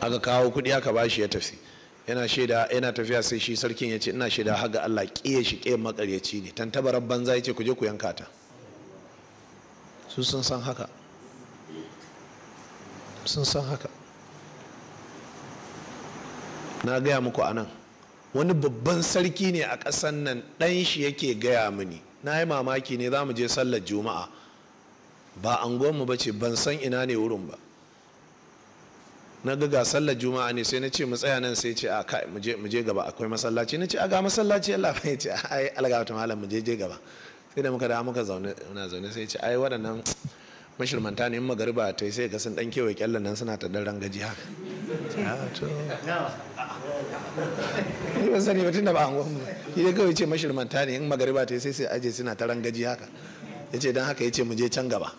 aka kawo kuɗi aka shi ya tafi yana shaida yana tafiya sai shi sarkin ya ce ina shaida haga Allah kiye shi kiyaye makaryaci ne tantabarar banza ya ce ku je ku yanka ta su sun san haka sun san haka na gaya muku anan wani babban sarki ne a ƙasan nan ɗan shi yake gaya mini na yi mamaki ne za mu je sallar juma'a ba anguwanmu ba ce ban san ina ne wurin ba na ga ga sallar juma'a ne sai na ce mu tsaya nan sai ce a kai mu je gaba akwai masallaci na ce a ga masallaci Allah ya ce ai alga ta malam mu je je gaba sai da muka da muka zaune muna zaune sai ce ai waɗannan mashirmanta ne in magariba ta sai ga sun dan kewaye kyallan nan suna ta dan rangaji haka ni ban sani ba tunda ba an mu shi dai kawai ce mashirmanta ne in magariba ta sai sai aje suna ta rangaji haka Ya ce don haka ce mu je can gaba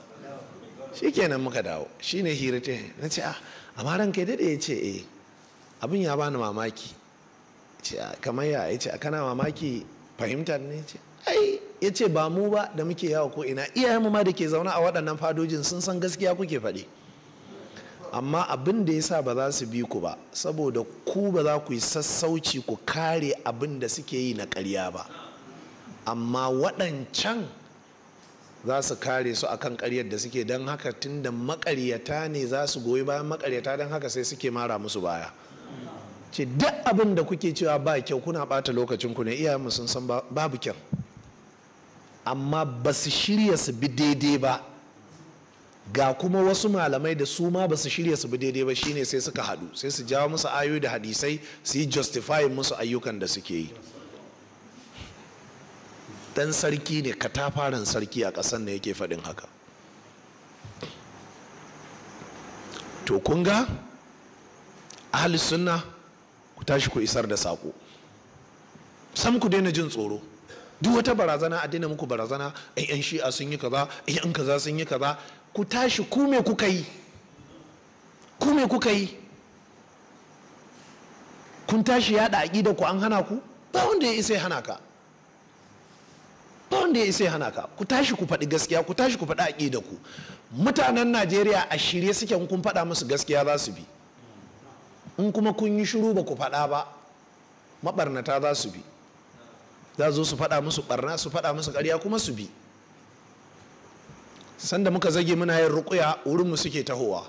Shi kenan muka dawo shi ta hirite na ce a ah, amma ran ranka dade ce eh abin ya bani mamaki ce ah, kamar ya yace kana mamaki fahimtar ne ya ce ai ce ba mu ba da muke yawo ko ina iyayenmu ma da ke zaune a waɗannan fadojin sun san gaskiya kuke faɗi amma abin da ya sa ba za su bi ku ba saboda ku ba za ku yi sassauci ku kare abin da suke yi na ƙarya ba amma waɗancan za su kare su akan ƙaryar da suke don haka tun da maƙaryata ne za su goyi bayan maƙaryata don haka sai suke mara musu baya ce duk abin da kuke cewa ba kyau kuna bata lokacin ku ne iyayenmu sun san babu kyau amma ba su shirya su bi daidai ba ga kuma wasu malamai da su ma ba su shirya su bi daidai ba shine sai suka haɗu sai su jawo musu ayoyi da hadisai su yi justify musu ayyukan da suke yi dan sarki ne katafaren sarki a ƙasar da yake faɗin haka to kun ga ahli sunna ku tashi ku isar da sako. sam ku daina jin tsoro duk wata barazana a daina muku barazana ai yan shi'a sun yi kaza yan kaza sun yi kaza ku tashi kume kuka yi kume kuka yi kun tashi yada aƙida ku an hana ku ba wanda ya isa ya hana ka ba wanda ya isa ya hana ka ku tashi ku faɗi gaskiya ku tashi ku faɗi aƙida ku mutanen najeriya a shirye suke in kun faɗa musu gaskiya za su bi in kuma kun yi shiru ba ku faɗa ba maɓarnata za su bi za zo su faɗa musu ɓarna su faɗa musu ƙarya kuma su bi sanda muka zage muna yin rukuya wurin mu suke tahowa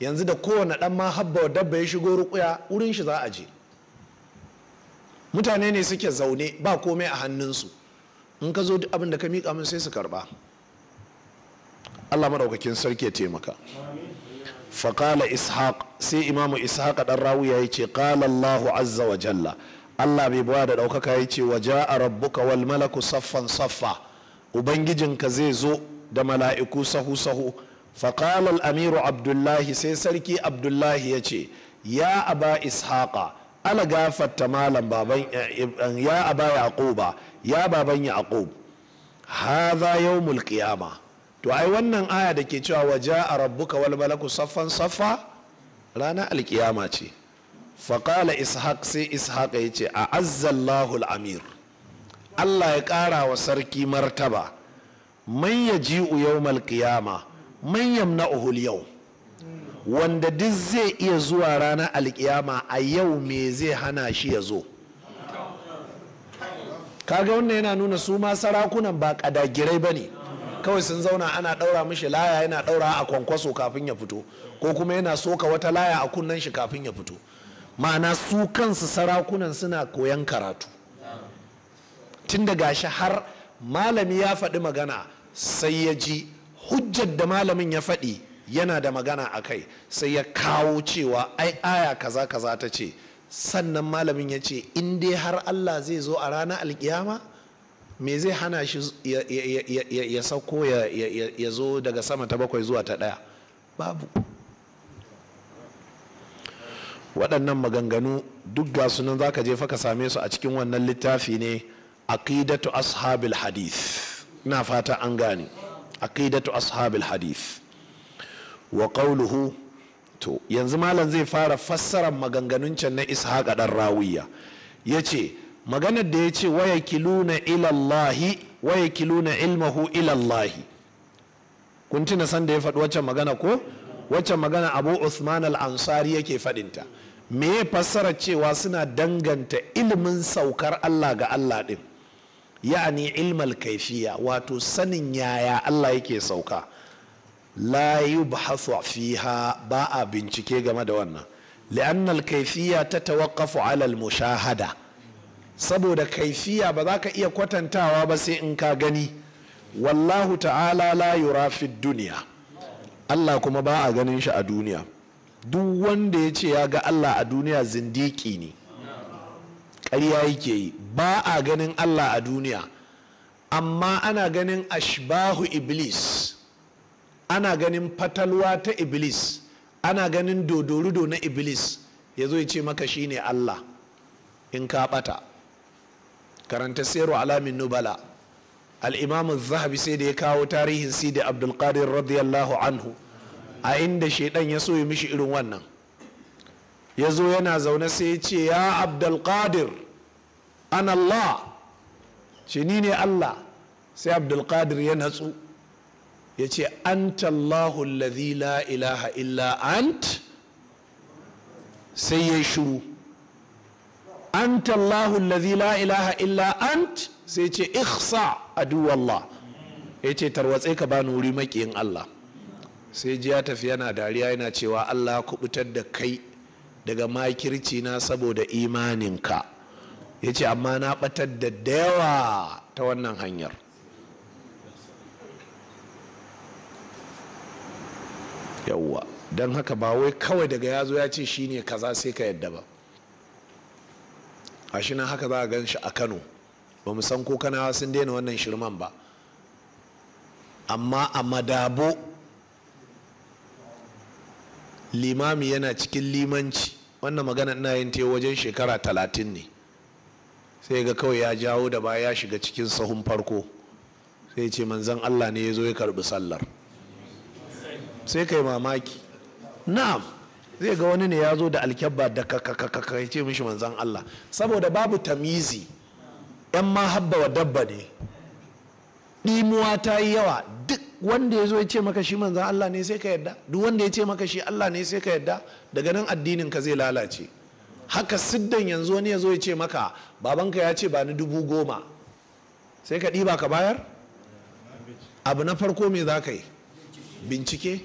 yanzu da kowane ɗan ma habba wa dabba ya shigo rukuya wurin shi za a je mutane ne suke zaune ba komai a hannunsu in ka zo duk abin da ka miƙa min sai su karɓa allah maɗaukakin sarki ya taimaka faƙala ishaq sai imamu ishaq ɗan rawi ya ce ƙala Allah azza wa jalla allah bai bawa da ɗaukaka ya ce waja a rabbuka wal malaku saffan saffa ubangijinka zai zo da mala'iku sahu-sahu faƙalar amiru abdullahi sai sarki abdullahi ya ce ya aba ishaƙa. ana gafarta malam baban eh, ya aba yaquba ya baban yaqub hadha yawmul qiyama to ai wannan aya da ke cewa waja a rabbuka wal malaku saffan saffa ranar alkiyama ce faƙala ishaq sai ishaq ya ce a azzallahu amir allah ya ƙara wa sarki martaba man ya ji'u yawmal qiyama man yamna'uhu yau wanda duk zai iya zuwa ranar alkiyama a yau me zai hana shi ya zo kaga wannan yana nuna su ma sarakunan ba kadagirai ba ne kawai sun zauna ana ɗaura mishi laya yana ɗaura a kwankwaso kafin ya fito ko kuma yana soka wata laya a kunnen shi kafin ya fito ma'ana su kansu sarakunan suna koyan karatu tun da gashi har malami ya faɗi magana sai ya ji hujjar da malamin ya faɗi yana da magana a kai sai ya kawo cewa ai aya kaza kaza ta ce sannan malamin ya ce in dai har allah zai zo a rana alkiyama me zai hana shi ya sauko ya zo daga sama ta bakwai zuwa ta ɗaya babu waɗannan maganganu duk ga sunan za ka je fa ka same su a cikin wannan littafi ne aqidatu ashabil hadith ina fata an gane aqidatu ashabil hadith wa qawluhu to yanzu malam zai fara fassarar maganganun can na ishaq dan rawiya yace maganar da yace waya kiluna ilallahi waya kiluna ilmahu ilallahi kun tuna san da ya faɗi wacce magana ko wacce magana abu usman al-ansari yake faɗinta me ya fassara cewa suna danganta ilimin saukar allah ga allah din. ya'ani ilmal kaifiya wato sanin yaya Allah yake sauka la yubhasu fiha ba a bincike game da wannan li'annal kaifiya ta tawaqqafu alal mushahada saboda kaifiya ba za ka iya kwatantawa ba sai in ka gani wallahu ta'ala la yura duniya Allah kuma ba a ganin shi a duniya duk wanda ya ce ya ga Allah a duniya zindiki ne ƙarya yake yi ba a ganin allah a duniya amma ana ganin ashbahu iblis ana ganin fatalwa ta iblis ana ganin dodorudo na iblis ya zo ya ce maka shine allah in ka bata karanta sayarwa alamin nubala al'imamu zahabi sai da ya kawo tarihin sidi abdulkadir radiyallahu anhu a inda shaidan ya so ya mishi irin wannan ya zo yana zaune sai ya ce ya abdulkadir an Allah ce ni ne Allah sai abdulkadir ya natsu ya ce antallahu alladhi la ilaha illa ant sai ya shuru antallahu alladhi la ilaha illa ant sai ce ihsa aduwallah ya ce tarwatse ka bani wuri makiyin Allah sai ji ya tafi yana dariya yana cewa Allah kubutar da kai daga makirci na saboda imaninka ya ce amma na batar da dayawa ta wannan hanyar yawwa don haka ba wai kawai daga yazo ya ce shi ne kaza sai ka yadda ba a shi haka za a gan shi a kano ba mu san ko kanawa sun daina wannan shirman ba amma a madabo limami yana cikin limanci wannan magana ina yin te wajen shekara talatin ne sai ga kawai ya jawo da baya ya shiga cikin sahun farko sai ce manzan allah ne ya zo ya karbi sallar sai kai mamaki na'am zai ga wani ne ya zo da alkyabba da kakakakaka ya ce mishi manzan allah saboda babu tamizi yan habba wa dabba ne ɗimuwa ta yi yawa duk wanda ya zo ya ce maka shi manzan Allah ne sai ka yadda duk wanda ya ce maka shi Allah ne sai ka yadda daga nan addinin ka zai lalace haka siddan yanzu wani ya zo ya ce maka babanka ya ce ba ni dubu goma sai ka ɗiba ka bayar abu na farko me za ka yi bincike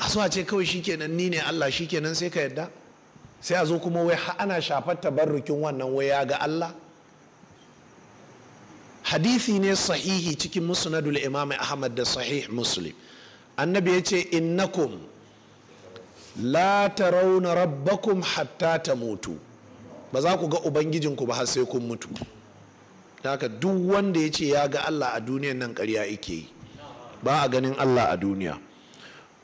a so a ce kawai shi kenan ni ne Allah shi kenan sai ka yadda sai a zo kuma wai ana shafar tabarrukin wannan wai ya ga Allah hadisi ne sahihi cikin musnadul imam ahmad da sahih muslim annabi ya ce innakum la tarawna rabbakum hatta mutu ba za ku ga ubangijinku ba har sai kun mutu haka duk wanda ya ce ya ga allah a duniyan nan karya ike yi ba a ganin allah a duniya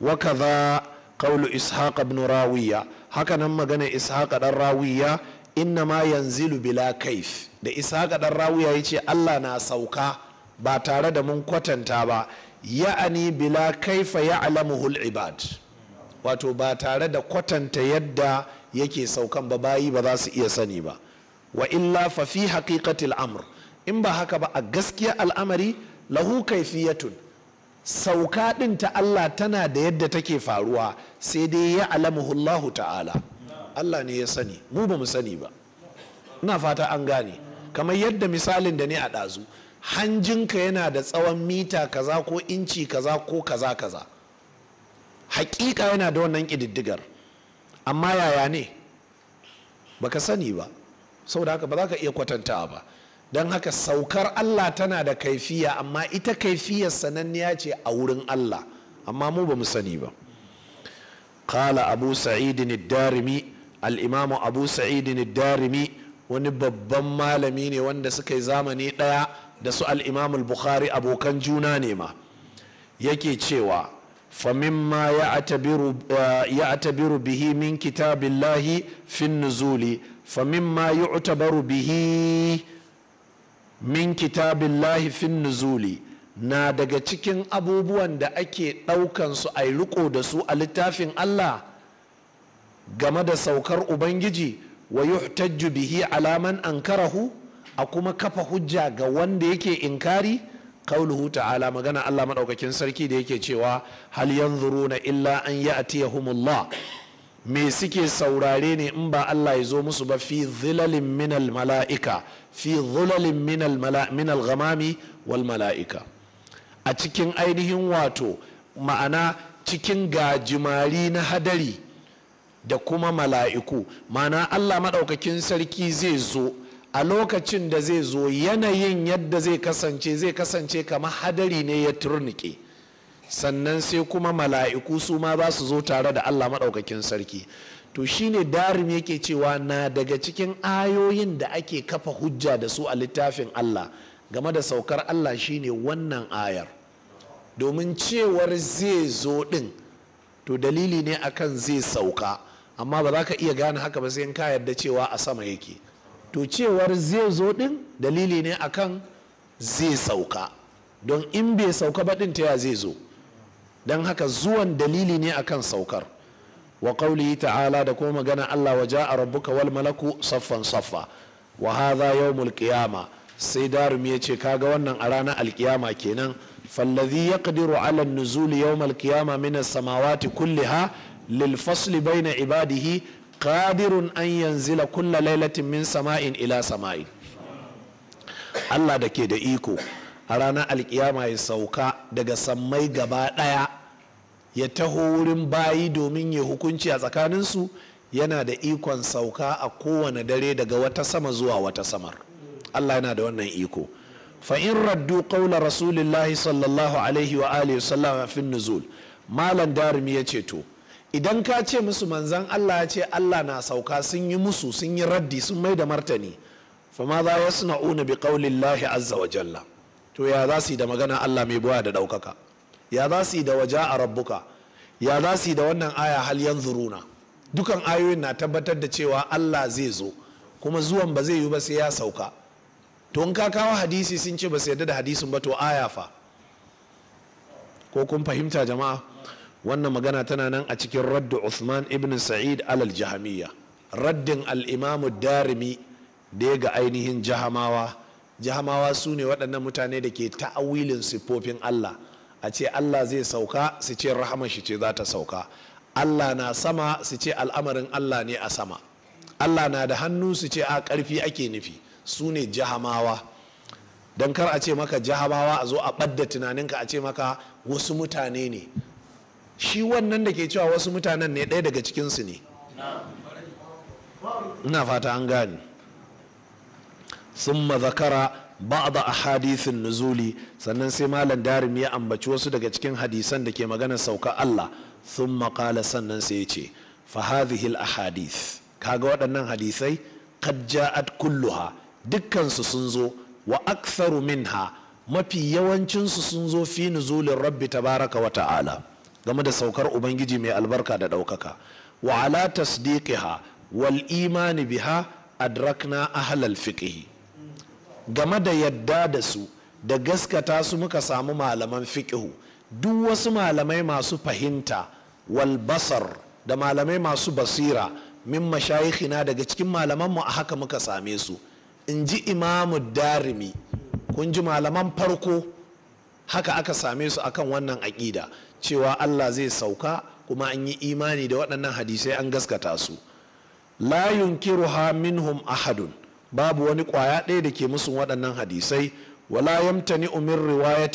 wa kaza qawlu ishaq ibn rawiya haka nan magana ishaq dan rawiya inna ma yanzilu bila kaif da ishaq dan rawuya ya ce allah na sauka ba tare da mun kwatanta ba ya'ani bila kaifa ya'lamuhul ibad wato ba tare da kwatanta yadda yake saukan ba bayi ba za su iya sani ba wa illa fa fi haqiqatil amr in ba haka ba a gaskiya al'amari lahu kaifiyatun sauka ɗin ta Allah tana da yadda take faruwa sai dai ya ta'ala Allah ne ya sani mu ba mu sani ba ina fata an gane kamar yadda misalin da ne a ɗazu hanjinka yana da tsawon mita kaza ko inci kaza ko kaza kaza hakika yana da wannan ƙididdigar amma yaya ne baka sani ba saboda haka ba za ka iya kwatantawa ba don haka saukar allah tana da kaifiya amma ita kaifiyar sananniya ce a wurin allah amma mu ba mu sani ba قال أبو سعيد الدارمي الإمام أبو سعيد الدارمي wani babban malami ne wanda suka yi zamani ɗaya da su al'imamul bukhari abokan juna ne ma yake cewa famimma ya eh, atabiru bihi min kitabillahi fin nuzuli famimma utabaru bihi min kitabillahi fin nuzuli na daga cikin abubuwan da ake ɗaukansu a yi riko da su a littafin Allah game da saukar Ubangiji wa yuhtajju bihi alaman ankarahu a kuma kafa hujja ga wanda yake inkari qauluhu ta'ala magana Allah maɗaukakin sarki da yake cewa hal yanzu runa illa an ya'tiyahumullah me suke saurare ne in ba Allah ya zo musu ba fi zilalin minal mala'ika fi zilalin minal gamami wal mala'ika a cikin ainihin wato ma'ana cikin gajimari na hadari da kuma mala'iku mana Allah maɗaukakin sarki zai zo a lokacin da zai zo yanayin yadda zai kasance zai kasance kamar hadari ne ya turnike sannan sai kuma mala'iku su ma za su zo tare da Allah maɗaukakin sarki to shine darim yake cewa na daga cikin ayoyin da ake kafa hujja da su a littafin Allah game da saukar Allah shine wannan ayar domin cewar zai zo ɗin to dalili ne akan zai sauka amma ba za ka iya gane haka ba sai in ka yarda cewa a sama yake to cewar zai zo din dalili ne akan zai sauka don in bai sauka ba din ta zai zo don haka zuwan dalili ne akan saukar wa qaulihi ta'ala da kuma magana Allah wa ja'a rabbuka wal malaku saffan saffa wa hadha yawmul qiyama sai darumi ya ce kaga wannan a ranar alkiyama kenan fallazi yaqdiru ala nuzuli yawmal qiyama min as-samawati kulliha lil fasli baina ibadihi kadirun an yanzu la kulla lailatin min sama'in ila samai. Allah da ke da iko a ranar alkiyama ya sauka daga sammai gaba ɗaya ya taho wurin bayi domin ya hukunci a tsakaninsu yana da ikon sauka a kowane dare daga wata sama zuwa wata samar Allah yana da wannan iko fa'in raddu ƙaula rasulillahi sallallahu alaihi wa alihi wasallam fin nuzul malam darimi ya ce to idan ka ce musu manzan Allah ya ce Allah na sauka sun yi musu sun yi raddi sun mai da martani fa ma za wasu na'una bi ƙaunin lahi azza wa jalla to ya za su yi da magana Allah mai buwa da ɗaukaka ya za su yi da waja a rabbuka ya za su yi da wannan aya hal yanzu runa dukan ayoyin na tabbatar da cewa Allah zai zo kuma zuwan ba zai yi ba sai ya sauka to in ka kawo hadisi sun ce ba su yarda da hadisin ba to aya fa ko kun fahimta jama'a wannan magana tana nan a cikin raddu Usman ibn Sa'id alal jahamiyya raddin al darimi da ya ga ainihin jahamawa jahamawa su ne waɗannan mutane da ke ta'awilin siffofin Allah a ce Allah zai sauka su ce rahaman shi ce za ta sauka Allah na sama su ce al'amarin Allah ne a sama Allah na da hannu su ce a ƙarfi ake nufi su ne jahamawa don kar a ce maka jahamawa a zo a ɓadda tunaninka a ce maka wasu mutane ne shi wannan da ke cewa wasu mutanen ne ɗaya daga cikinsu ne ina fata an gane sun zakara ba a hadisin nuzuli sannan sai malam darim ya ambaci wasu daga cikin hadisan da ke maganar sauka Allah sun makala sannan sai ya ce a hadis kaga waɗannan hadisai kajja'at kulluha dukkansu sun zo wa aksaru minha mafi yawancinsu sun zo fi nuzulin rabbi tabaraka wa ta'ala game da saukar ubangiji mai albarka da ɗaukaka wa ala tasdiqiha wal imani biha adrakna a ahlal fiqh game da yadda da su da gaskata su muka samu malaman fiqhu duk wasu malamai masu fahimta wal basar da malamai masu basira min mashayikhina daga cikin malaman mu a haka muka same su in ji imamu darimi kun ji malaman farko haka aka same su akan wannan aƙida cewa Allah zai sauka kuma an yi imani da waɗannan hadisai an gaskata su la ha minhum ahadun babu wani kwaya ɗaya da ke musu waɗannan hadisai wala yamtani umir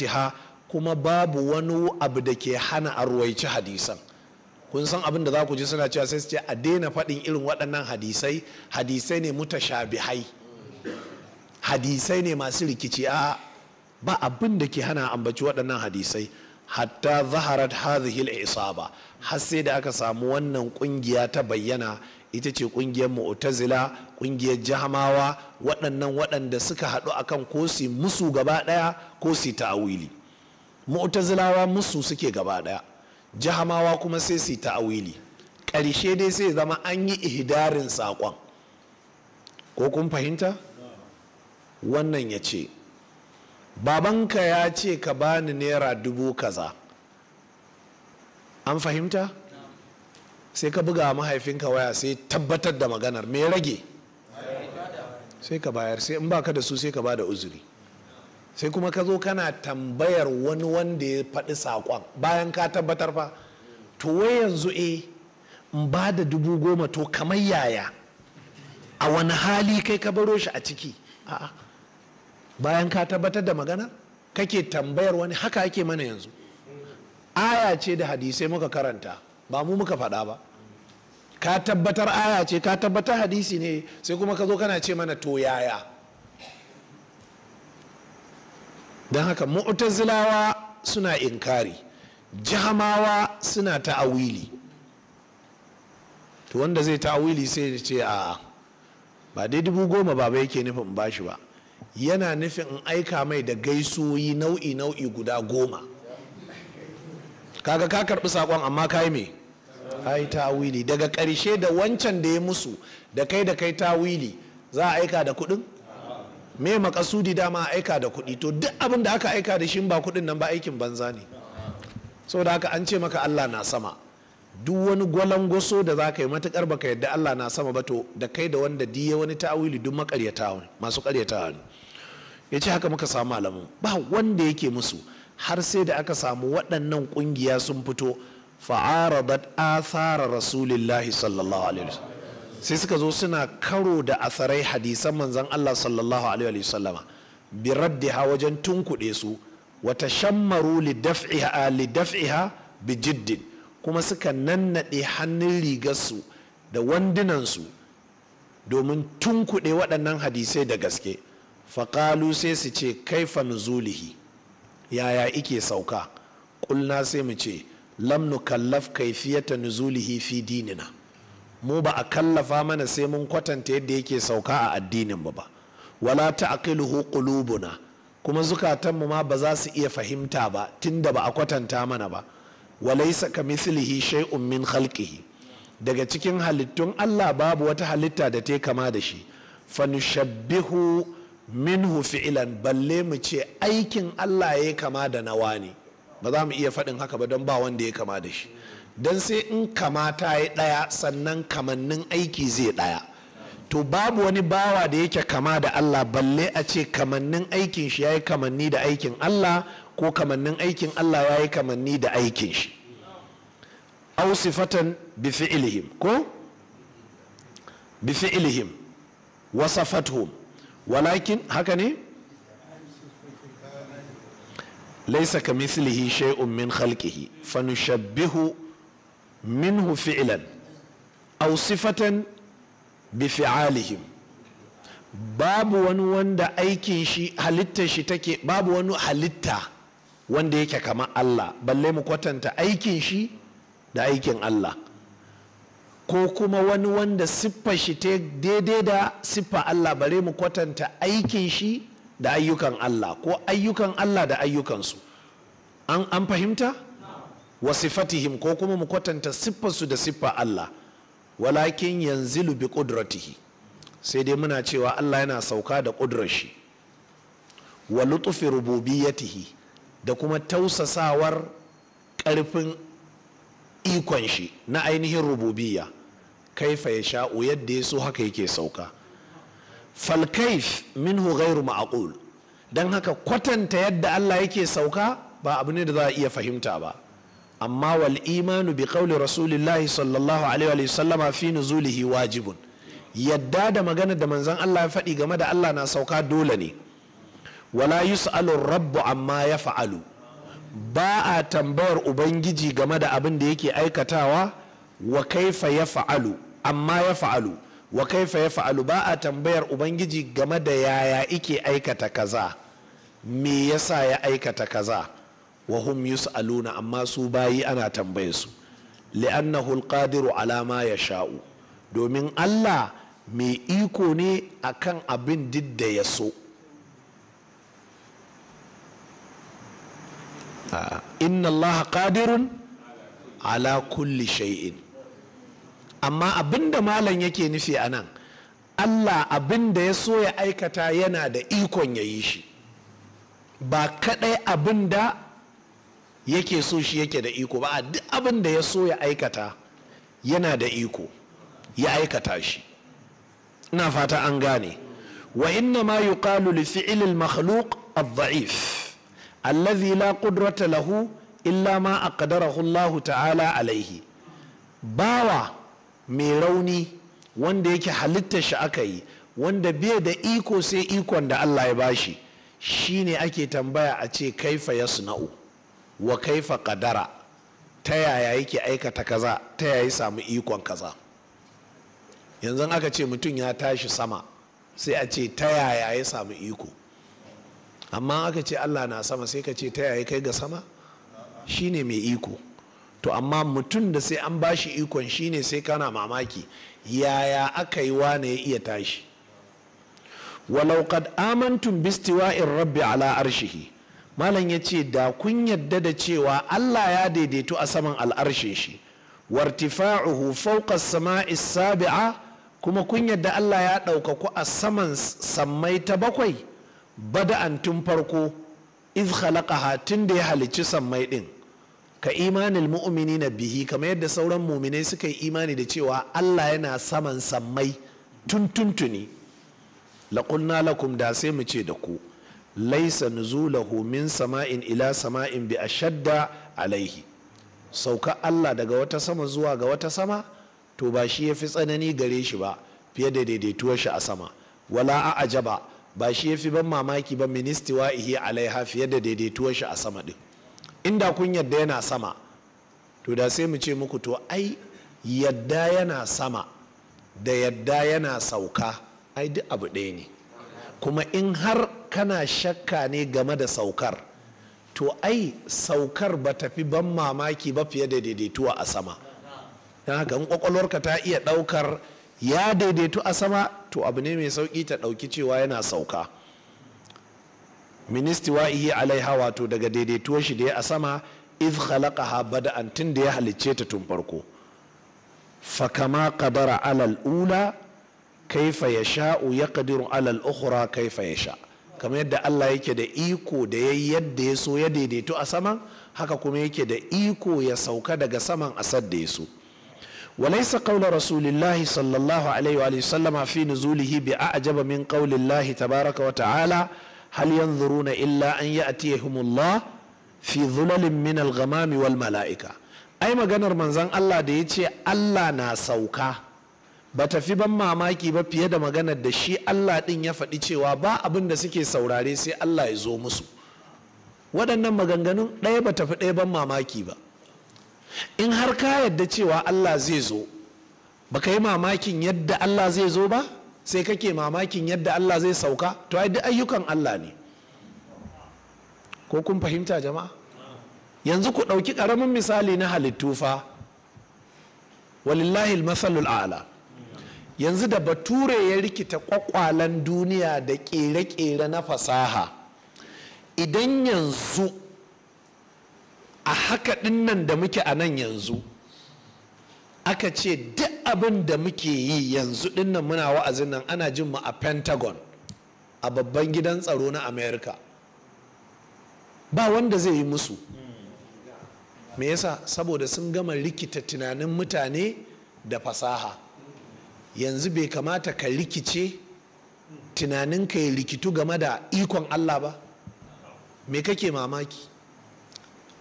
ha. kuma babu wani abu da ke hana a ruwaici hadisan kun san abin da za ku ji suna cewa sai su ce a daina faɗin irin waɗannan hadisai hadisai ne mutashabihai hadisai ne masu rikici a ba abin da ke hana ambaci waɗannan hadisai hatta zaharat hadhihi al-isaba har sai da aka samu wannan kungiya ta bayyana ita ce kungiyar mu'tazila kungiyar jahamawa waɗannan waɗanda suka haɗu akan ko su musu gaba ɗaya ko su ta'awili mu'tazilawa musu suke gaba ɗaya jahamawa kuma sai su ta'awili ƙarshe dai sai zama an yi ihidarin saƙon ko kun fahimta wannan ya ce babanka ya ce ka bani naira dubu kaza an fahimta sai ka buga mahaifinka waya sai tabbatar da maganar me rage sai ka bayar sai in baka da su sai ka ba da uzuri sai kuma ka zo kana tambayar wani wanda ya faɗi saƙon bayan ka tabbatar fa to wai yanzu e in ba da dubu goma to kamar yaya a wani hali kai ka baro shi a ciki a'a bayan ka tabbatar da magana kake tambayar wani haka ake mana yanzu aya ce da hadisai muka karanta ba mu muka faɗa ba ka tabbatar aya ce ka tabbatar hadisi ne sai kuma ka zo kana ce mana to yaya don haka mu'tazilawa suna inkari jahamawa suna ta'awili to wanda zai ta'awili sai ya ce a ba dai dubu goma ba yake nufin bashi ba yana nufin in aika mai da gaisoyi nau'i nau'i guda goma kaga ka karbi sakon amma ka yi me ka yi tawili daga karshe da wancan da ya musu da kai da kai tawili za a aika da kuɗin me makasudi dama a aika da kuɗi to duk abin da aka aika da shi ba kuɗin nan ba aikin banza ne saboda haka an ce maka Allah na sama duk wani gwalangwaso da za ka yi matukar baka yadda Allah na sama ba to da kai da wanda diya wani ta'awili duk makaryatawa masu karyatawa ne ya ce haka muka samu malamin ba wanda yake musu har sai da aka samu waɗannan ƙungiya sun fito fa'aradat asara rasulillahi sallallahu alaihi wasallam sai suka zo suna karo da asarai hadisan manzon Allah sallallahu alaihi wasallama bi raddiha wajen tunkuɗe su wata shammaru lidaf'iha lidaf'iha bi jiddin kuma suka nannaɗe hannun rigarsu da su domin tunkuɗe waɗannan hadisai da gaske faƙalu sai su ce kai kaifa nuzulihi yaya ike sauka ƙulna sai mu ce lam fiye kaifiyata nuzulihi fi dinina mu ba a kallafa mana sai mun kwatanta yadda yake sauka a addinin ba ba wala ta'qiluhu qulubuna kuma zukatanmu ma ba za su iya fahimta ba tunda ba a kwatanta mana ba walaisa kamithlihi shay'un min khalqihi daga cikin halittun Allah babu wata halitta da ta kama da shi fanushabbihu minhu fi'ilan balle mu ce aikin Allah ya kama da nawa ne ba za mu iya faɗin haka ba don ba wanda ya kama da shi don sai in kamata ya ɗaya sannan kamannin aiki zai ɗaya to babu wani bawa da yake kama da Allah balle a ce kamannin aikin shi ya yi kamanni da aikin Allah ko kamannin aikin Allah ya yi kamanni da aikin shi ausifatan bi fi'ilihim ko bi fi'ilihim walakin haka ne laisa ka mislihi shay'un min khalqihi nushabbihu minhu fi'lan aw sifatan bi fi'alihim babu wani wanda aikin shi halitta shi take babu wani halitta wanda yake kama Allah balle mu kwatanta aikin shi da aikin Allah ko kuma wani wanda siffa shi ta daidai da siffa Allah bare mu kwatanta aikin shi da ayyukan Allah ko ayyukan Allah da ayyukansu an an fahimta wa sifatihim ko kuma mu kwatanta siffarsu da siffa Allah walakin yanzilu bi qudratihi sai dai muna cewa Allah yana sauka da kudurar shi wa ya rububiyatihi da kuma tausasawar karfin. ikon shi na ainihin rububiya. kaifa ya sha'u yadda ya so haka yake sauka falkaif min ghairu ma'aqul don haka kwatanta yadda Allah yake sauka ba abu ne da za a iya fahimta ba amma wal imanu bi qawli rasulillah sallallahu alaihi wa sallama fi nuzulihi wajibun yadda da magana da manzon Allah ya faɗi game da Allah na sauka dole ne wala yus'alu rabbu amma ya fa'alu ba a tambayar ubangiji game da abin da yake aikatawa wa kaifa ya fa'alu amma ya fa'alu wa kaifa ya fa'alu ba a tambayar ubangiji game da yaya ike aikata kaza me yasa ya aikata kaza wa hum yus'aluna amma su bayi ana tambaye su li'annahu alqadiru ala ma yasha'u domin Allah mai iko ne akan abin didda ya so inna Allah qadirun ala kulli shay'in amma abinda malam yake nufi a nan allah abinda ya so ya aikata yana da ikon ya yi shi ba kadai abinda yake so shi yake da iko ba duk abinda ya so ya aikata yana da iko ya aikata shi ina fata an gane wa inna ma yuqalu li fi'lil makhluq ad-da'if allazi la qudrata lahu illa ma a aqdarahu hullahu ta'ala alaihi bawa mai rauni wanda yake halitta shi aka yi wanda bai da iko sai ikon da Allah ya bashi shine ake tambaya a ce kaifa suna'u wa kaifa qadara ta yaya yake aikata kaza ta yaya samu ikon kaza yanzu aka ce mutum ya tashi sama sai a ce ta yaya ya samu iko amma aka ce allah na sama sai ka ce ta yaya kai ga sama shine mai iko to amma mutum da sai an bashi ikon shine sai kana mamaki yaya aka yi wane ya iya tashi walau qad amantum in rabbi ala arshihi malam ya ce da kun yadda da cewa allah ya daidaitu a saman al'arshe shi wartifa'uhu fawqa sama'i sabi'a kuma kun yadda allah ya ɗaukaku a saman sammai ta bakwai bada'an tun farko iz khalaqaha tun da ya halicci sammai din ka imanin mu'mini na bihi kamar yadda sauran muminai suka yi imani da cewa Allah yana saman sammai tun tuntuni laƙunna lakum da sai mu ce da ku laisa nuzulahu min sama'in ila sama'in bi ashadda alaihi sauka Allah daga wata sama zuwa ga wata sama to ba shi ya fi tsanani gare shi ba fiye da daidaituwar shi a sama wala a ajaba ba shi ya fi ban mamaki ba ministi wa ihi alaiha fiye da daidaituwar shi a sama ɗin inda kun yadda yana sama to da sai mu ce muku to ai yadda yana sama da yadda yana sauka ai duk abu ɗaya ne kuma in har kana shakka ne game da saukar to ai saukar ba tafi ban mamaki ba fiye da daidaituwa a sama don haka in ta iya ɗaukar ya daidaitu a sama to abu ne mai sauki ta ɗauki cewa yana sauka ministi wa alai alaiha wato daga daidaituwar shi da ya a sama iz khalaqaha bada'an tun da ya halicce ta tun farko fakama qadara alal ula kaifa ya yaqdiru alal ukhra kaifa sha kamar yadda Allah yake da iko da ya yadda ya so ya daidaito a saman haka kuma yake da iko ya sauka daga saman asad da ya so وليس قول رسول الله صلى الله عليه وآله وسلم في نزوله بأعجب من قول الله تبارك وتعالى هل ينظرون إلا أن يأتيهم الله في ظلل من الغمام والملائكة أي maganar manzon Allah da ya ce Allah na sauka ba fi ban mamaki ba fiye da maganar da shi Allah ɗin ya faɗi cewa ba abin da suke saurare sai Allah ya zo musu waɗannan maganganun ɗaya ba tafi ɗaya ban mamaki ba in har ka yadda cewa Allah zai zo baka yi mamakin yadda Allah zai zo ba sai kake mamakin yadda Allah zai sauka to ai duk ayyukan Allah ne ko kun fahimta jama'a yanzu ku ɗauki ƙaramin misali na halittu fa walillahi masalul a'la yanzu da bature ya rikita kwakwalen duniya da ƙere-ƙere na fasaha idan yanzu a haka dinnan da muke a nan yanzu aka ce duk abin da muke yi yanzu dinnan muna wa'azin nan ana jin mu a pentagon a babban gidan tsaro na america ba wanda zai yi musu me yasa saboda sun gama rikita tunanin mutane da fasaha yanzu bai kamata ka rikice tunaninka ya rikitu game da ikon allah ba me kake mamaki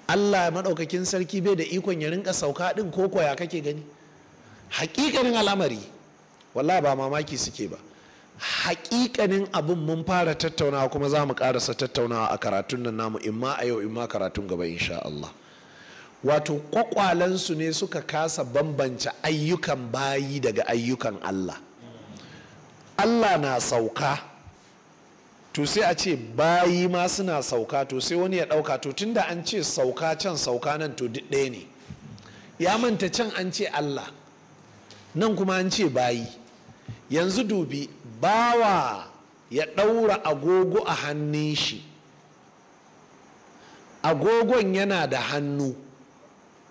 Allah maɗaukakin sarki bai da ikon ya rinka sauka ɗin ko koya kake gani hakikanin al'amari wallahi ba mamaki suke ba Haƙiƙanin abin mun fara tattaunawa kuma za mu karasa tattaunawa a karatun nan namu imma a yau imma karatun gaba insha Allah wato kwakwalensu ne suka kasa bambance ayyukan bayi daga ayyukan Allah Allah na sauka to sai a ce bayi ma suna sauka to sai wani ya ɗauka to tunda an ce sauka can sauka nan to duk ne ya manta can an ce Allah nan kuma an ce bayi yanzu dubi bawa ya ɗaura agogo a hannun shi agogon yana da hannu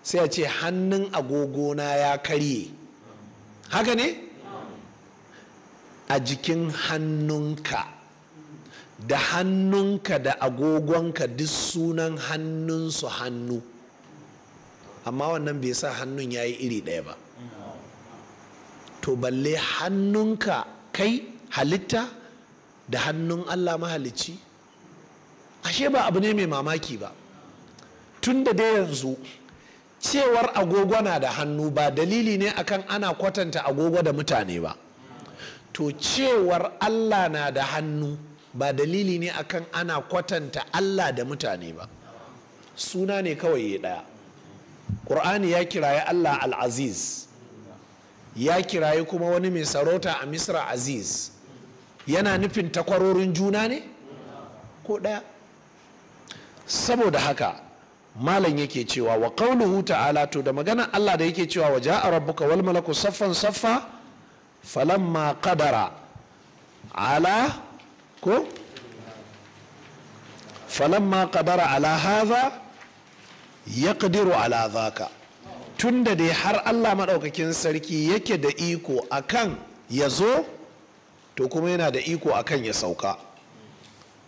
sai a ce hannun agogona ya karye haka ne a jikin hannunka da hannunka da agogonka duk sunan hannunsu hannu amma wannan bai sa hannun ya yi iri ɗaya ba to balle hannunka kai halitta da hannun allah mahalicci ashe ba abu ne mai mamaki ba tun da dai yanzu cewar agogo na da hannu ba dalili ne akan ana kwatanta agogo da mutane ba to cewar allah na da hannu ba dalili ne akan ana kwatanta Allah da mutane ba suna ne kawai ya ɗaya ƙur'ani ya kiraye Allah al-aziz ya kiraye kuma wani mai sarauta a misra aziz yana nufin takwarorin juna ne ko ɗaya saboda haka malam yake cewa wa qawluhu ta'ala to da magana Allah da yake cewa wa ja'a rabbuka wal malaku saffan saffa falamma qadara ala ko falamma qadara ala hadha yaqdiru ala zaka tunda dai har Allah maɗaukakin sarki yake da iko akan ya zo to kuma yana da iko akan ya sauka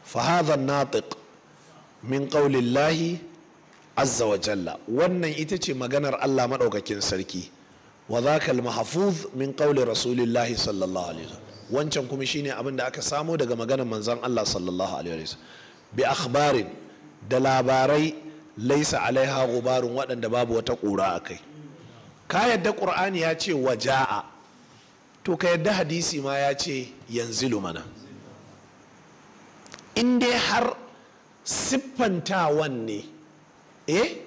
fa hadha natiq min qaulillahi azza wa jalla wannan ita ce maganar Allah maɗaukakin sarki wa zaka mahfuz min qauli rasulillahi sallallahu alaihi wasallam wancan kuma shine abin da aka samo daga maganar manzon Allah sallallahu alaihi wasallam bi akhbarin da labarai laisa alaiha gubarun waɗanda babu wata ƙura a kai ka yadda ƙur'ani ya ce waja'a to ka yadda hadisi ma ya ce yanzu mana in dai har siffantawan ne eh